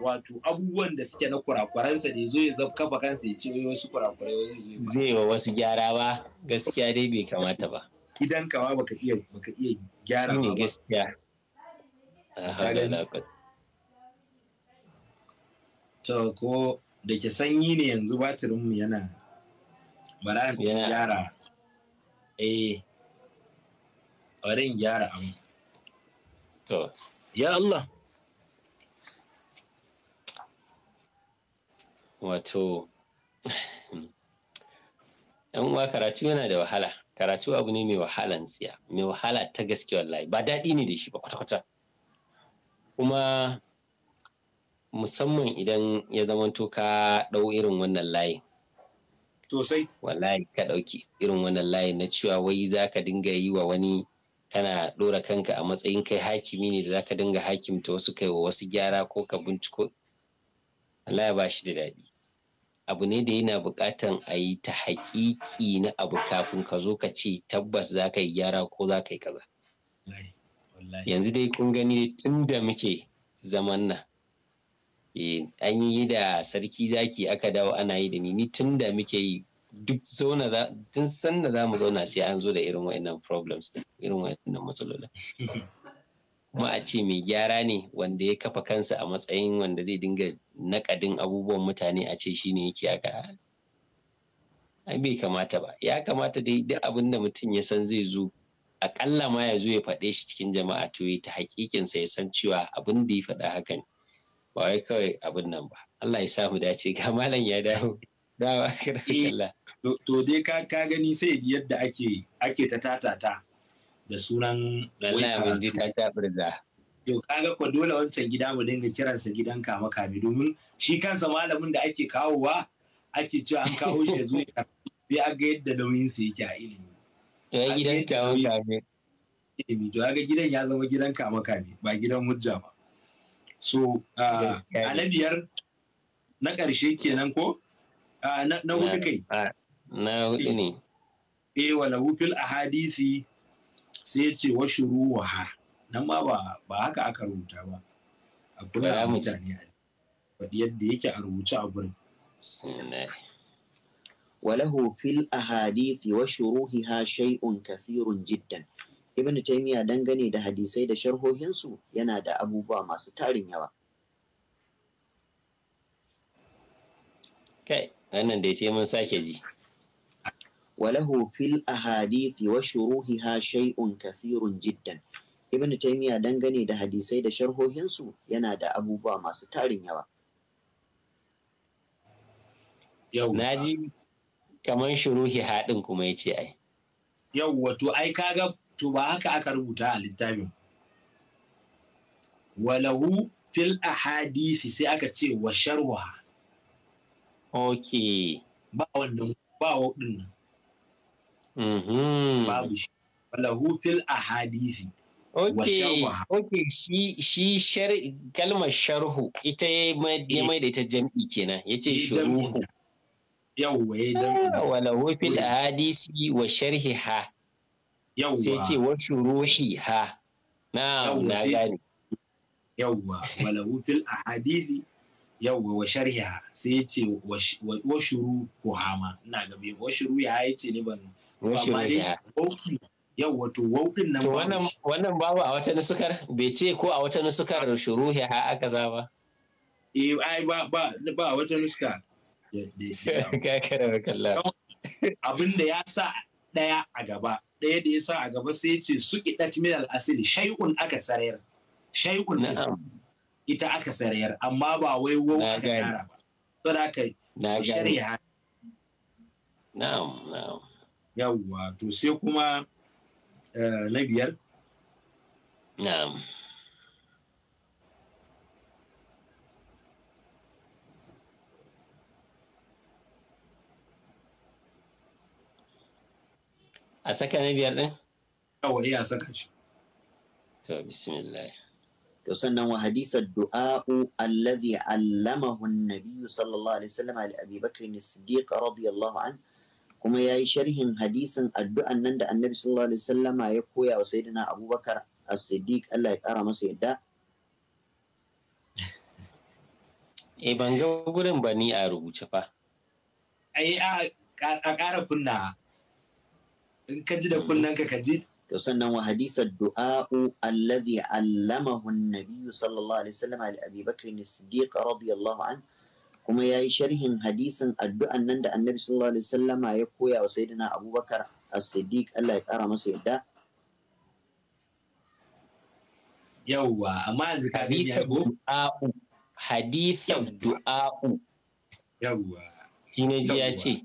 wato abubuwan da suke na kurakuransa da ya zo ya kafa kansa ya ce wasu kurakurai wani zai wa wasu gyara ba gaskiya dai bai kamata ba idan kama baka iya baka iya gyara ba hmm, gaskiya to ko da ke sanyi ne yanzu batirinmu yana bara in gyara eh bari gyara abu to ya Allah wato yan uwa karatu yana da wahala karatu abu ne mai wahalan tsiya mai wahala ta gaske wallahi ba daɗi ne da shi ba kwata-kwata kuma musamman idan ya zamanto ka ɗau irin wannan layin sosai wallahi ka ɗauki irin wannan layin na cewa wai za ka dinga yi wa wani kana ɗora kanka a matsayin kai hakimi ne da za ka dinga hakimta wasu kai wa wasu gyara ko ka binciko wallahi ba shi da daɗi abu ne da yana buƙatan a yi ta haƙiƙi na abu kafin ka zo ka ce tabbas za ka yi gyara ko za ka yi kaza yanzu dai kun gani tun da muke zaman nan Eh, an yi da sarki zaki aka dawo ana yi da ni ni tun da muke yi duk zauna tun san da zamu zauna sai an zo da irin wa'annan problems da irin wa'annan matsalolin kuma a ce mai gyara ne wanda ya kafa kansa a matsayin wanda zai dinga nakadin abubuwan mutane a ce shine yake aka ai bai kamata ba ya kamata dai duk abin da mutum ya san zai zo akalla ma ya zo ya faɗe shi cikin jama'a to ta hakikinsa ya san cewa abin da ya faɗa haka ne ba wai kawai abin nan ba Allah ya samu dace ga malam ya dawo dawa eh, to dai ka ka gani sai yadda ake ake ta tatata da sunan Allah mun ji ta ta burza ka kaga ko dole wancan gida mu dinga kiransa gidan kama kame domin shi kansa malamin da ake kawowa ake cewa an kawo shi zuwa sai an ga yadda nauyin sa yake a ilimi ya gidan kama kame ilimi to kaga gidan ya zama gidan kama kame ba gidan mujja ba so ah, a na biyar na ƙarshe kenan ko ah, na hudu kai na ah, hudu ne eh wala wufil ahadisi sai ce wa shuru ha. nan ma ba haka aka rubuta ba a kula da mutane da yadda yake a rubuce a gurin وله في الأحاديث ha شيء كثير jiddan Ibn Taymiyyah dangane da hadisai da sharhohinsu yana da abubuwa masu tarin yawa. Kai, wannan dai sai mun sake ji. Walahu fil ahadithi wa shuruhiha shay'un kathirun jiddan. Ibn Taymiyyah dangane da hadisai da sharhohinsu yana da abubuwa masu tarin yawa. Na ji kamar shuruhi haɗin kuma ya ce ai. Yau wato ai kaga to ba haka aka rubuta a littafin walahu fil ahadisi sai aka ce wa sharwa ok ba wannan ba waɗin nan mhm. babu shi walahu fil ahadisi ok shi shi shar kalmar sharhu ita ya mai eh. da ita jam'i kenan yace shuruhu yawwa ya jam'i eh, wala fil ahadisi wa sharhi ha. yawwa sai ce wasu ruhi ha na na gane yawwa walahu fil ahadithi yauwa wa sharhiha sai ce wa shuru hama ina ga me wa shuru ya yace ne ban yauwa to wauɗin nan wannan wannan babu a wata nusukar bai ce ko a wata nusukar shuruhi ha aka za ba eh ai ba ba ba wata nuska (laughs) da kalla abinda ya sa daya a gaba ɗaya da ya sa a gaba sai ce su idat min al-asili shay'un aka sarayar shay'un ita aka sarayar amma ba wai wau aka gara ba da haka shari'a na'am na'am yawwa to sai kuma eh, na biyar na'am a saka na biyar ɗin? yawa ya eh, saka shi to bismillah to sannan wa hadisa du'a'u allazi allamahu an-nabiy sallallahu alaihi wasallam ali abi bakr as-siddiq radiyallahu an kuma ya yi sharhin hadisin addu'an nan da annabi sallallahu alaihi wasallam ya koya wa sayyidina abubakar as-siddiq Allah ya kara masa yadda eh ban ga gurin ba ni a rubuce fa a a ƙara kunna in ka ji da kunnen ka ji to sannan wa hadisa du'a'u alladhi allamahu an-nabiy sallallahu alaihi wasallam ali abi bakr as-siddiq radiyallahu an kuma yayi sharhin hadisin addu'an nan da annabi sallallahu alaihi wasallam ya koya wa sayyidina abubakar as-siddiq Allah ya kara masa yadda yawwa amma yanzu ka gani ya go hadithan du'a'u yawwa shi ne ji ya ce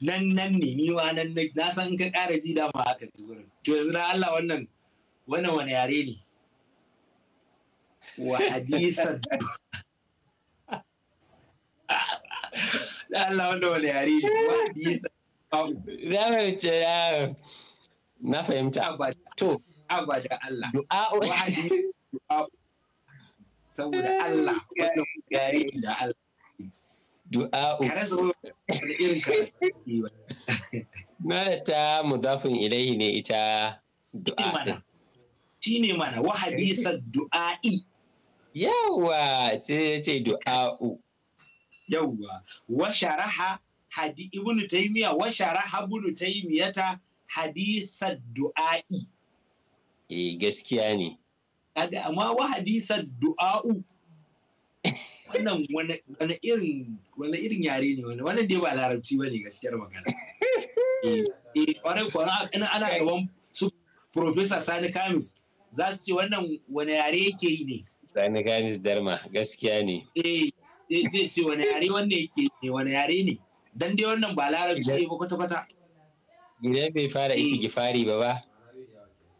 nan nan ne ni ma nan na san ka ƙara ji dama haka ji wurin to yanzu na Allah wannan wannan wani yare ne wa hadisan (laughs) Allah wannan wani yare ne wa hadisan mu ce ya na fahimta to abada Allah du'a wa hadisan saboda Allah (laughs) wannan yare ne da Allah du'a'u Mata ta mudafin ilaihi ne ita du'a shi ne mana wa hadisar du'a'i yawa ce ce du'a'u yawa wa sharaha hadi ibnu taymiya wa sharaha ibnu ta hadisar du'a'i eh gaskiya ne kaga amma wa hadisar du'a'u (laughs) wannan wani irin wani irin yare ne wani wannan dai ba larabci ba ne gaskiyar magana (laughs) eh kwarai eh, kwarai ina ana gaban su professor Sani Kamis za su ce wannan wani yare yake yi ne Sani Kamis Darma gaskiya ne eh zai ce wani yare wannan yake ne wani yare ne dan dai wannan ba larabci ne ba kwata kwata idan bai fara eh. isi gifari ba ba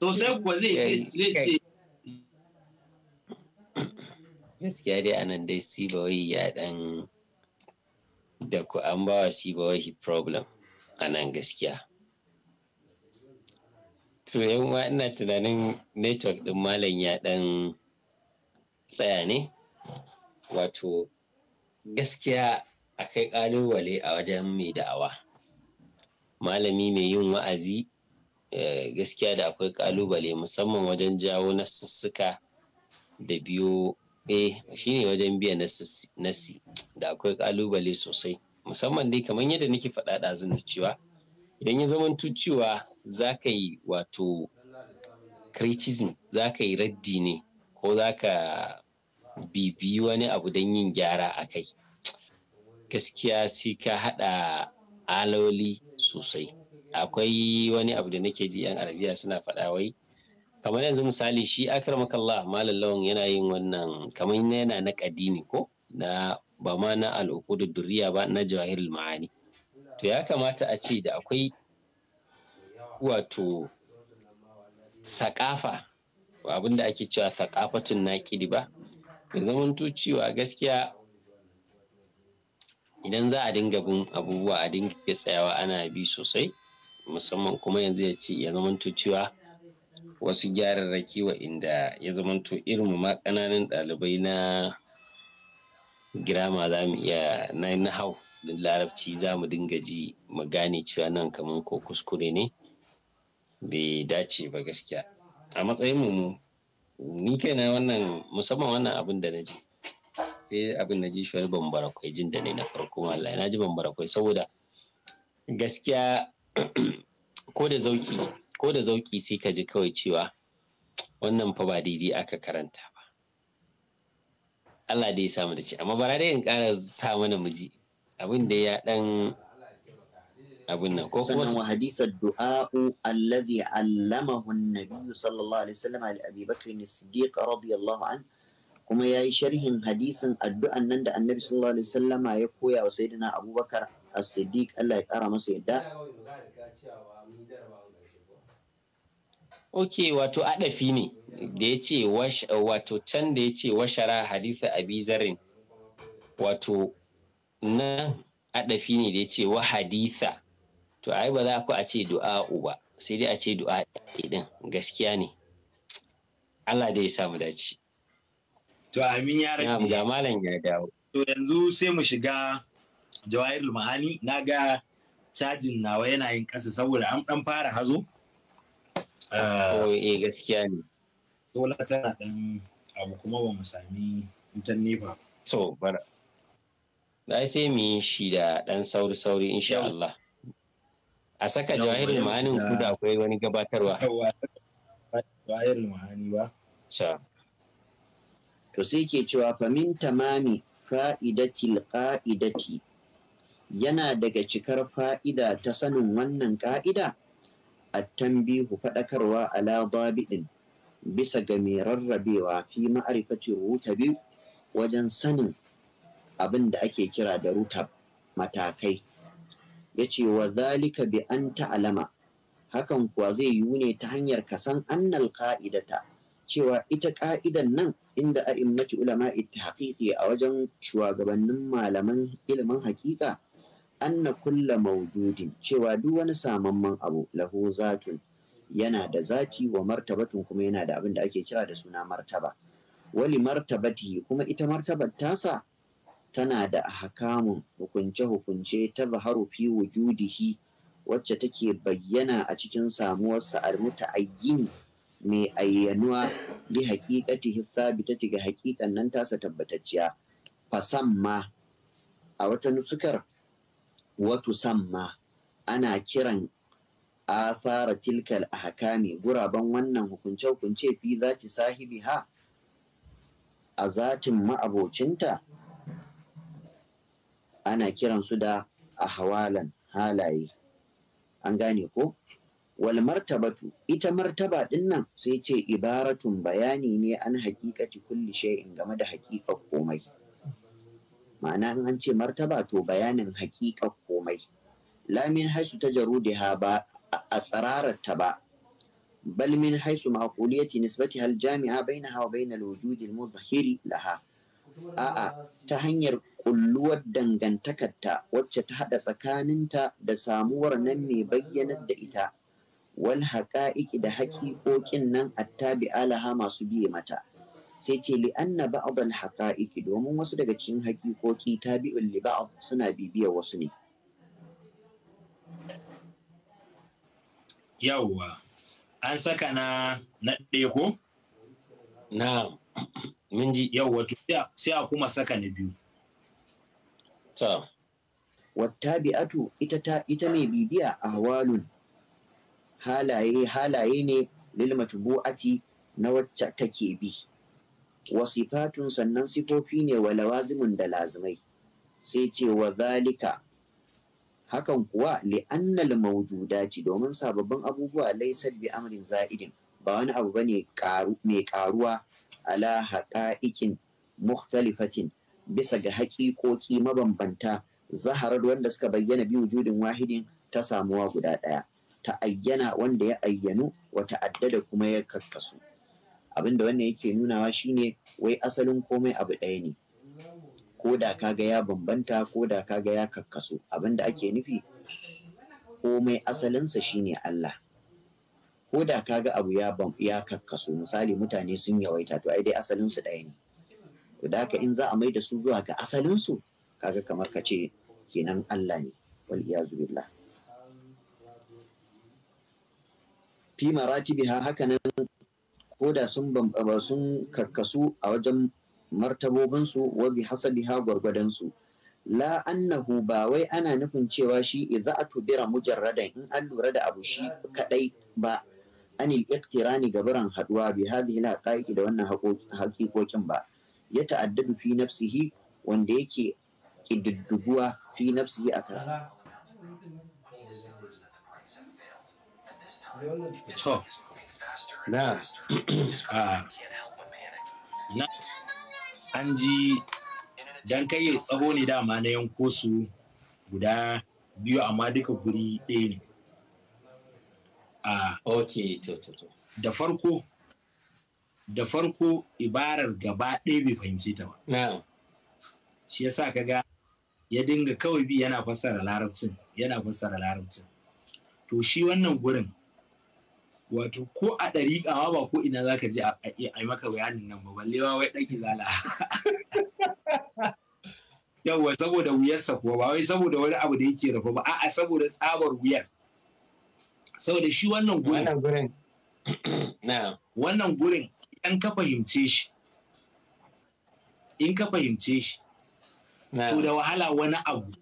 to sai kuwa zai eh. ce gaskiya dai anan dai sibawai ya dan da ku an ba bawa sibawai problem anan gaskiya to wa ina tunanin network din malam ya dan tsaya ne wato gaskiya akai kalubale a wajen mai da'awa malami mai yin wa'azi eh, gaskiya da akwai kalubale musamman wajen jawo nasussuka da biyo eh ne wajen biya nasi da akwai kalubale sosai musamman dai kamar yadda nake faɗa da da cewa idan ya zamanto cewa za ka yi wato criticism za ka yi raddi ne ko za ka bibiyi wani abu don yin gyara a kai gaskiya sai ka haɗa aloli sosai akwai wani abu da nake ji yan arabiya suna faɗa wai kamar yanzu misali shi akramakallah malam lawan yana yin wannan kamar yana na kadini ko na ba ma na al'ukudu duriya ba na jawahirul ma'ani to ya kamata a ce da akwai wato sakafa abinda ake cewa sakafatun naƙidi ba ya zamanto cewa gaskiya idan za a dinga bin abubuwa a dinga tsayawa ana bi sosai musamman kuma yanzu ya ce ya zamanto cewa wasu gyararraki inda ya zamanto irin ma ƙananan ɗalibai na girama za mu iya na nahau da larabci za mu dinga ji mu gane cewa nan kamar ko kuskure ne bai dace ba gaskiya a matsayin mu ni na wannan musamman wannan abin da na ji sai abin na ji shi bambara kwai jin da ne na farko Allah na ji bambara kwai saboda gaskiya (clears throat) ko da zauki ko da zauki sai ka ji kawai cewa wannan fa ba daidai aka karanta ba Allah dai ya samu da ci amma bara dai in ƙara sa mana muji abin da ya dan abin nan ko kuma sannan hadisa du'a'u allazi allamahu an-nabi sallallahu alaihi wasallam ali abi bakr as-siddiq radiyallahu an kuma ya yi sharhin hadisin addu'an nan da annabi sallallahu alaihi wasallama ya koya wa sayyidina abubakar as-siddiq Allah ya kara masa yadda ok wato adafi ne da ya ce wato can da ya ce washara haditha abi wato na adafi ne da ya ce wa haditha to ai ba za ku a ce du'a ba sai dai a ce du'a idan gaskiya ne Allah da ya samu dace to amin ya rabbi ga malam ya dawo to yanzu sai mu shiga jawahirul ma'ani na ga cajin nawa yana yin ƙasa saboda an ɗan fara hazo Ah, eh gaskiya ne sola tana dan abu kuma ba mu sami wutan nefa so bana na sai mu yi shi da ɗan sauri sauri insha Allah a saka jawahirul ma'anin ku da akwai wani gabatarwa jawahirul ma'ani ba sa to sai ke cewa famin tamami fa'idatil qa'idati yana daga cikar fa'ida ta sanin wannan ƙa'ida? at-tanbihu fadakarwa ala dabidin bisa ga mai rarrabewa fi ma'arifati rutabi wajen sanin abin da ake kira da rutab matakai yace wa zalika bi an ta'lama hakan kuwa zai yiwu ne ta hanyar kasan annal ka'idata cewa ita ka'idan nan inda a'immatu ulama ita haƙiƙi a wajen shugabannin malaman ilimin haƙiƙa anna kulla mawjudin cewa duk wani samamman abu lahu zatun yana da zati wa martabatun kuma yana da abin da ake kira da suna martaba wali martabati kuma ita martabar tasa tana da hakamun hukunce-hukunce ta zaharu fi wujudihi wacce take bayyana a cikin samuwar samuwarsa almuta'ayyini mai ayyanuwa bi haƙiƙati ta ga haƙiƙan nan tasa tabbatacciya fasamma a wata nusukar watu samma ana kiran athara tilkal a ahkami guraben wannan hukunce-hukunce fi sahibi ha? a zatin ma'abocinta ana kiran su da a hawalan halaye an gane ko wal martabatu ita martaba din nan sai ce ibaratun bayani ne an hakikati kulli in game da haƙiƙar komai ma'ana in an ce martaba to bayanin haƙiƙa komai lamin haisu ta jarudiha ba a tsararta ba Balmin haisu بل من حيث معقولية نسبتها الجامعة بينها وبين الوجود المظهر laha a'a ta hanyar kulluwar dangantakarta wacce ta haɗa tsakaninta da samuwar nan mai bayyanar da ita wal haƙa'iƙi da haƙiƙoƙin nan attabi'a laha masu biye mata sai ce li anna ba'dal haqa'iqi domin wasu daga cikin haƙiƙoƙi tabi'un li ba'd suna bibiyar wasu ne yawwa an saka na na ɗaya ko na mun ji yawwa sai a kuma saka na biyu ta wattabi'atu ita ta ita mai bibiya ahwalun halaye halaye ne lil matbu'ati na wacce take bi wasifatun sannan sifofi ne wa lawazimun da lazimai sai ce wa zalika hakan kuwa li'annal mawjudati domin sababbin abubuwa laysat bi amrin za'idin ba wani abu ba ne mai karuwa ala haqa'iqin mukhtalifatin bisa ga haƙiƙoƙi mabambanta zaharar wanda suka bayyana bi wujudin wahidin ta samuwa guda ɗaya ta ayyana wanda ya ayyanu wa da kuma ya kakkasu. Abin da wannan yake nunawa shine wai asalin komai abu ɗaya ne ko da kaga ya bambanta ko da kaga ya kakkaso abin da ake nufi komai asalinsa shine Allah ko da kaga abu ya ya kakkaso misali mutane sun yawaita to ai dai asalinsu ɗaya ne to da haka in za a mai da su zuwa ga asalinsu kaga kamar ka ce kenan Allah ne wal iyazu billah fi maratibiha hakanan ko da sun bambaba sun karkasu a wajen martabobinsu wa bi ha gwargwadonsu la annahu ba wai ana nufin cewa shi idza atubira mujarradan in an lura da abu shi kadai ba anil iktirani gabaran haduwa bi hadhihi la qaiqi da wannan haƙiƙokin ba ya ta'addadu fi nafsihi wanda yake kididduguwa fi nafsihi a kan na ah. na an ji dan kai ya tsaho ne dama na yanko su guda biyu amma duka guri ɗaya ne a ah. da farko da farko ibarar gaba ɗaya bai fahimci ta ba shi yasa ga? ya dinga kawai bi yana fassara larabcin yana fassara larabcin to shi wannan gurin wato ko a ɗariƙa ma ba ko ina zaka je a yi maka bayanin nan ba balle ba wai ɗaki zala (laughs) yawwa saboda wuyarsa kuwa ba wai saboda wani abu da yake rufe ba a'a saboda tsabar wuyar saboda shi wannan gurin wannan gurin (clears throat) in ka fahimce shi in ka fahimce shi to da wahala wani abu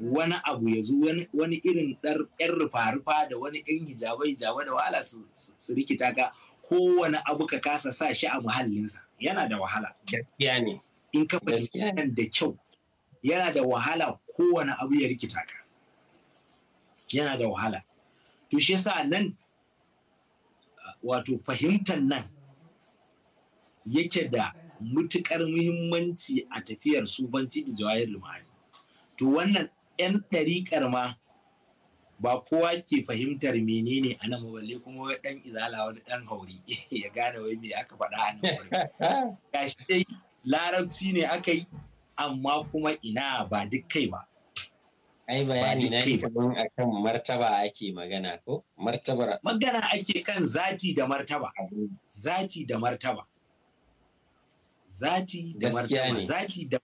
wani abu ya zo wani irin ɗan rufa-rufa da wani ƴan hijabai-hijabai da wahala su rikita ka kowane abu ka kasa sa shi a muhallinsa yana da wahala. Gaskiya ne. In ka fahimtar da kyau yana da wahala kowane abu ya rikita ka. Yana da wahala. To shi yasa nan wato fahimtar nan yake da mutuƙar muhimmanci a tafiyar su banci da jawahir lumani. To wannan 'yan ɗariƙar ma ba kowa ke fahimtar menene a nan balle kuma wai ɗan izala wani ɗan hauri (laughs) ya gane wai me aka faɗa a nan (laughs) ga shi dai larabci ne aka yi amma kuma ina ba duk kai ba ai bayani na kamar akan martaba ake magana ko martabar magana ake kan zati da martaba zati da martaba zati da martaba zati da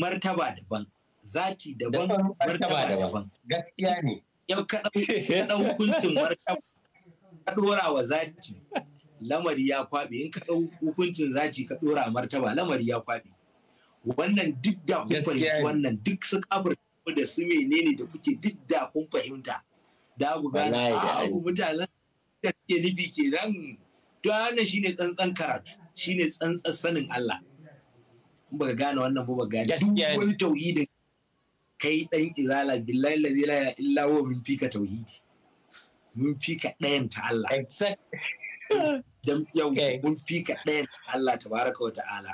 martaba daban zati daban martaba daban gaskiya ne yau ka dau hukuncin martaba ka ɗora wa zati lamari ya kwaɓe in ka dau hukuncin zati ka ɗora martaba lamari ya kwaɓe wannan duk da kun fahimta wannan duk su kafirta da su menene da kuke duk da kun fahimta da ku gane a mutanen da ke nufi kenan to wannan shine tsantsan karatu shine tsantsan sanin Allah in ga gane wannan ba ba gane duk wani tauhidin kai dan izala billahi la illa huwa mun fika tauhidi mun fika ɗayan ta Allah dan yau mun fika ɗayan ta Allah tabaraka wa ta'ala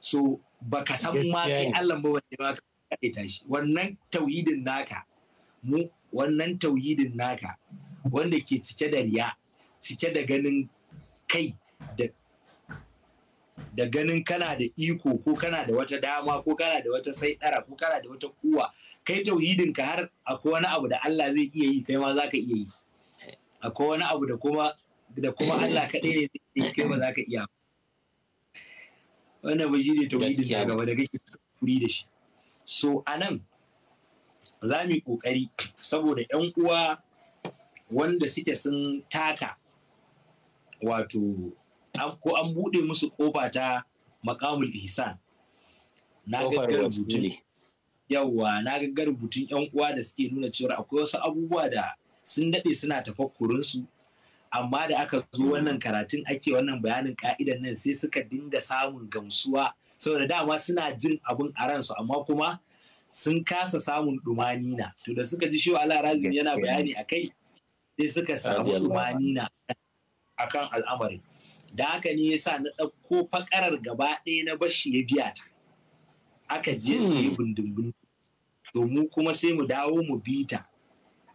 so baka san ma kai Allah ba wanda ba ka kai tashi wannan tauhidin naka mu wannan tauhidin naka wanda ke cike da riya cike da ganin kai da da ganin kana da iko ko kana da wata dama ko kana da wata saidara ko kana da wata kuwa kai tauhidin ka har akwai wani abu da Allah zai iya yi kai ma za ka iya yi akwai wani abu da kuma da kuma Allah kaɗai ne zai yi kai za ka iya wannan ba ne tauhidin da gaba da kake kuri da shi so anan za mu yi kokari saboda yan uwa wanda suke sun taka wato ko an buɗe musu ƙofa ta makamul ihsan na gaggar rubutun yawwa, na gaggar rubutun yan uwa da suke nuna cewa akwai wasu abubuwa da sun daɗe suna tafakkurin su amma da aka zo wannan karatun ake wannan bayanin ka'idan nan sai suka dinga samun gamsuwa saboda dama suna jin abin a ransu amma kuma sun kasa samun dumani na to da suka ji shi ala yana bayani a kai sai suka samu dumani na akan al'amarin da haka ne ya sa na ɗauko fakarar gaba ɗaya na bashi ya biya ta aka je hmm. yi bindin mu kuma sai mu dawo mu bi ta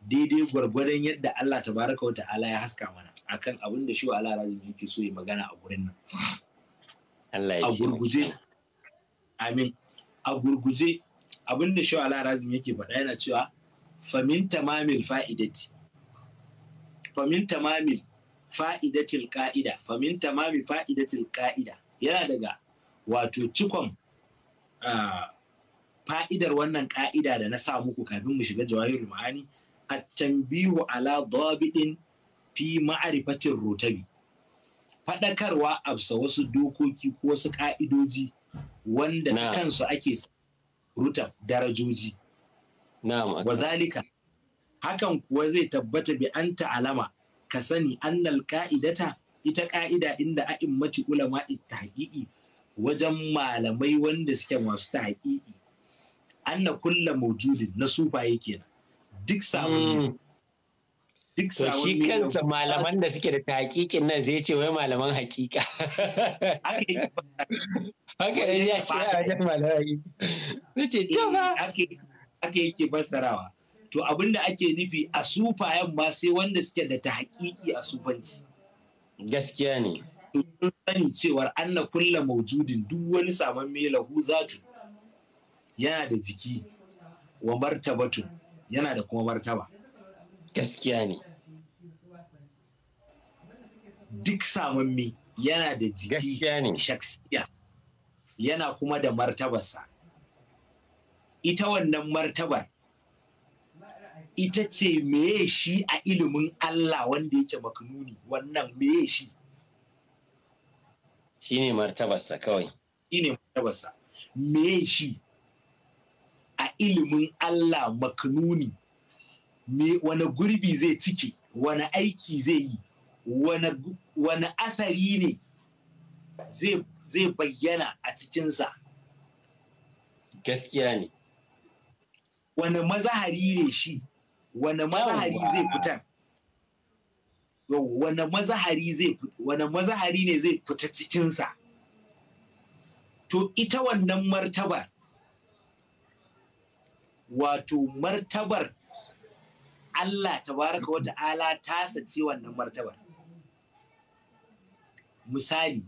daidai gwargwadon yadda Allah ta baraka wa ta'ala ya haska mana akan abin da shi Allah razumi yake so ya magana a gurin nan Allah ya a gurguje amin a gurguje abin da shi Allah razumi yake faɗa yana cewa famin tamamil fa'idati famin tamamil fa'idatil ka'ida famin tamami fa'idatil ka'ida yana daga wato cikon fa'idar wannan ka'ida da na sa muku kafin mu shiga jawahirul ma'ani at-tanbihu ala dabidin fi ma'arifatin rutabi faɗakarwa absa wasu dokoki ko wasu ka'idoji wanda kansu ake ruta darajoji wa zalika hakan kuwa zai tabbata bi an ta'alama ka sani annal ka'idata ita ka'ida inda mace ulama tahqiqi wajen malamai wanda suke masu tahqiqi anna kulla mawjudin na sufaye kenan duk sabon hmm. duk so shi kansa malaman da suke da tahakikin nan zai ce wai malaman hakika haka yi ya ce a wajen malamai. zai ce ta ba eh, ake yake basarawa to abin da ake nufi a sufayen ma sai wanda suke da ta haƙiƙi a sufanci gaskiya ne sun sani cewar na kulla maujudin duk wani saman mai lahu zatu yana da jiki wa martabatun yana da kuma martaba gaskiya ne duk saman mai yana da jiki shaksiya yana kuma da martabarsa ita wannan martabar ita ce meye shi a ilimin Allah wanda yake nuni wannan meye shi shi ne martabarsa kawai shi ne martabarsa meye shi a ilimin Allah maknuni me wani gurbi zai cike wani aiki zai yi wani athari ne zai bayyana a cikinsa gaskiya ne wani mazahari ne shi wane mazahari zai fita wane mazahari zai wane mazahari ne zai fita cikinsa to ita wannan martabar wato martabar Allah tabaraka wa ta'ala ta sace wannan martabar misali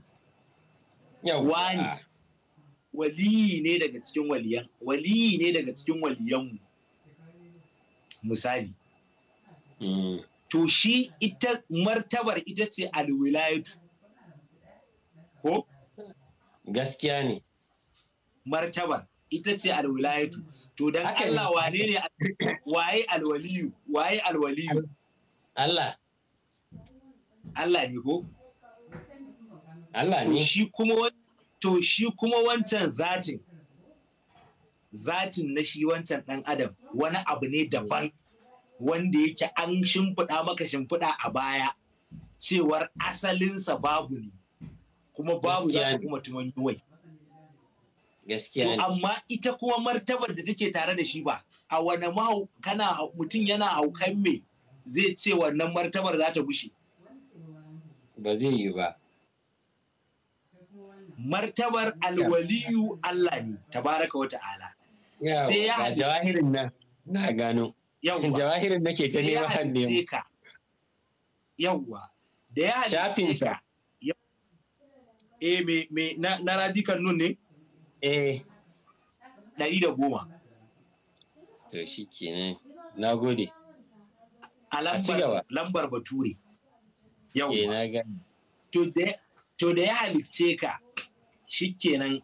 wani waliyi ne daga cikin waliyan waliyi ne daga cikin waliyanmu misali mm. to shi ita martabar ita ce alwilayatu ko gaskiya ne martabar ita ce alwilayatu to don Allah wane ne waye alwaliyu waye alwaliyu Allah Allah ne ko Allah ne to shi kuma wancan zatin zatin na shi wancan ɗan adam wani abu ne daban wanda yake an shimfiɗa maka shimfiɗa a baya cewar asalinsa babu ne kuma babu za kuma tuwon yuwai gaskiya ne amma ita kuma martabar da take tare da shi ba a wane kana mutum yana haukan me zai ce wannan martabar za ta gushe ba zai yi ba martabar alwaliyu Allah ne tabaraka wa ta'ala jawahirin na na gano yawwa jawahirin nake ta da ya halice ka eh me na, na nun ne eh to shi kenan a lambar, lambar bature eh, to da ya halicce ka shikenan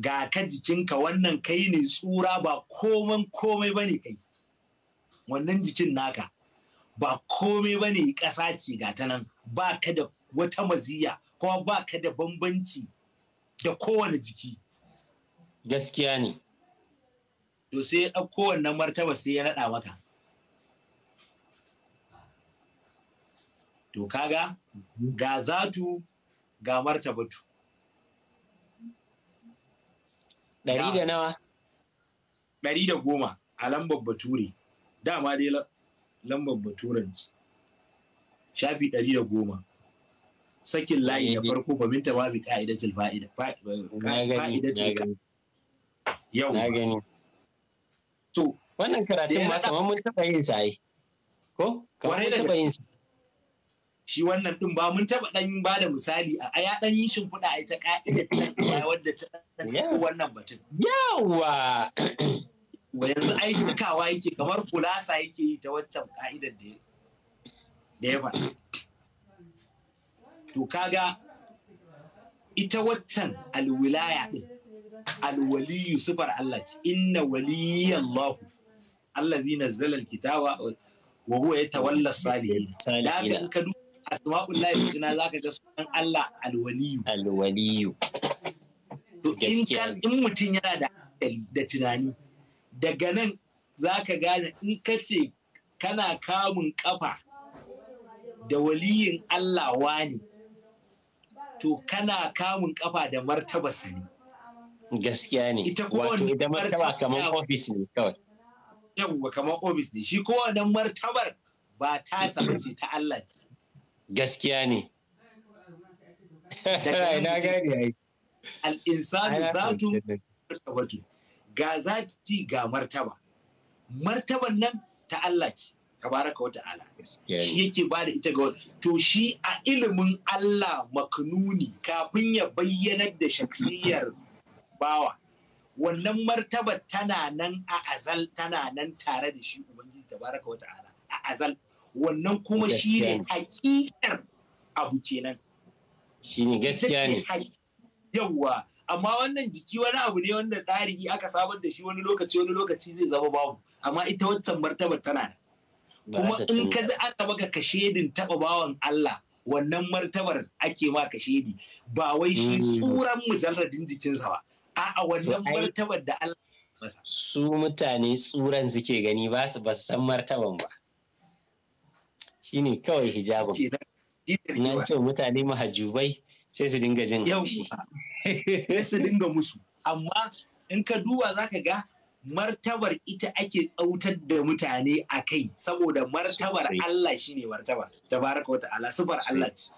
ga ka jikinka wannan kai ne tsura ba komai komai ba ne kai wannan jikin naka ba komai ba ne ƙasa ce ga ta nan ba ka da wata maziya kuma ba ka da bambanci da kowane jiki gaskiya ne to sai ya ɗauko wannan martaba sai ya naɗa maka to kaga ga zatu ga martabatu Ɗari da nawa? Ɗari da goma a lambar bature. Dama dai lambar baturen shafi ɗari da goma. Sakin layi da farko ba minta ba bi ka'idatul fa'ida. ka Yau. Na gani. To. Wannan karatun ma kamar mun taɓa yin sa ai. Ko? Kamar mun taɓa yin sa. shi wannan din ba mun taba dan ba da misali a aya dan yi shimfiɗa a ita ka'ida can wadda ta wannan batun yawa yanzu ai cikawa yake kamar kulasa yake yi ta waccan ka'idar da ya faɗa to kaga ita waccan alwilaya din alwali Yusufar Allah ce inna waliyallahu allazi nazzala alkitaba wa huwa yatawalla salihin da ka asma'ul lahi jina zaka ga sunan Allah alwaliyu alwaliyu to in mutum yana da hankali da tunani daga nan zaka gane in ka ce kana kamun kafa da waliyin Allah wani to kana kamun kafa da martaba sani gaskiya ne ita wato da martaba kamar ofis ne kawai yawwa kamar ofis ne shi kowane martabar ba ta sabace ce ta Allah ce gaskiya ne (laughs) na za tu martabatu ga zati ga martaba martaban nan ta Allah ce tabaraka wa ta'ala shi yake ba da ita ga wata to shi a ilimin Allah maknuni kafin ya bayyanar da shaksiyar bawa wannan martaba tana nan a azal tana nan tare da shi ubangiji tabaraka wa ta'ala a azal wannan kuma shi ne hakikar abu kenan shi ne gaskiya ne yawwa amma wannan jiki wani abu ne wanda tarihi aka samar da shi wani lokaci wani lokaci zai zama babu amma ita waccan martabar tana da. kuma in ka ji ana maka kashedin taɓa bawan Allah wannan martabar ake ma kashedi ba wai shi hmm. tsuran mujalladin jikinsa ba a'a wannan martabar da Allah su mutane tsuran suke gani ba su san martaban ba shine kawai hijabin nan ce mutane mahajubai sai su dinga jin haushi sai su dinga musu amma in ka duba zaka ga martabar ita ake tsautar da mutane a kai saboda martabar Allah shine martaba tabaraka wata ala sifar Allah ce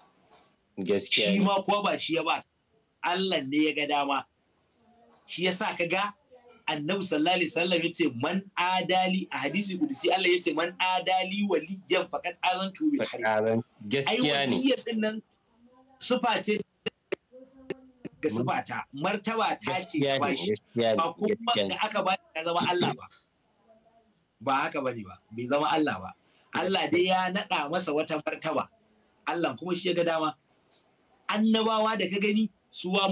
gaskiya shi ma ko ba shi ya ba Allah ne ya ga dama shi yasa ka ga annabi sallallahu alaihi wasallam yace man adali a hadisi kudusi Allah yace man adali waliyan faqad azantu bil harb gaskiya ne ai din nan sufa ce ga sufa ta martaba ta ce ba shi ba kuma ga aka ba ya zama Allah ba ba haka bane ba bai zama Allah ba Allah dai ya nada masa wata martaba Allah kuma shi ya ga dama annabawa da ka gani suwa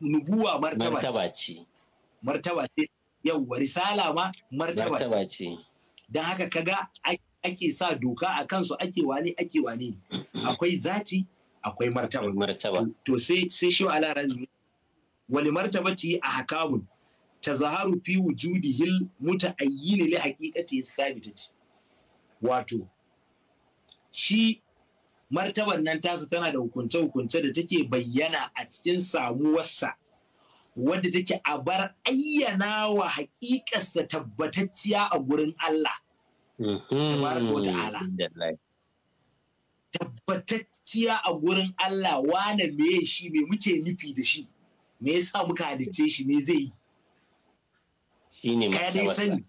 nubuwa martaba ce martaba ce yawwa risala ma martaba ce don haka kaga ake sa doka a kansu ake wane ake wane ne akwai zati akwai martaba martaba to sai sai shi ala ce a hakamun ta zaharu fi wujudihil muta'ayyin li haqiqati thabitati wato shi martaban nan tasu tana da hukunce-hukunce da take bayyana a cikin samuwarsa wadda take a bar ayyana wa haƙiƙarsa tabbatacciya a gurin Allah. Mhm. Tabbatacciya a gurin Allah wane me shi me muke nufi da shi, me ya sa muka halicce shi me zai yi. Shi ne Ka dai sani,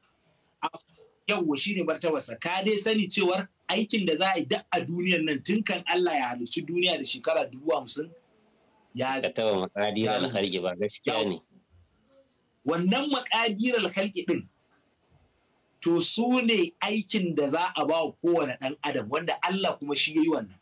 yawwa shi ne martabarsa, ka dai sani cewar aikin da za a yi duk a duniyar nan tun kan Allah ya halicci duniya da shekara dubu hamsin ya kataba maqadir ba gaskiya ne wannan makadir alkhalqi din to su ne aikin da za a ba kowane ɗan adam wanda Allah kuma shi yayi wannan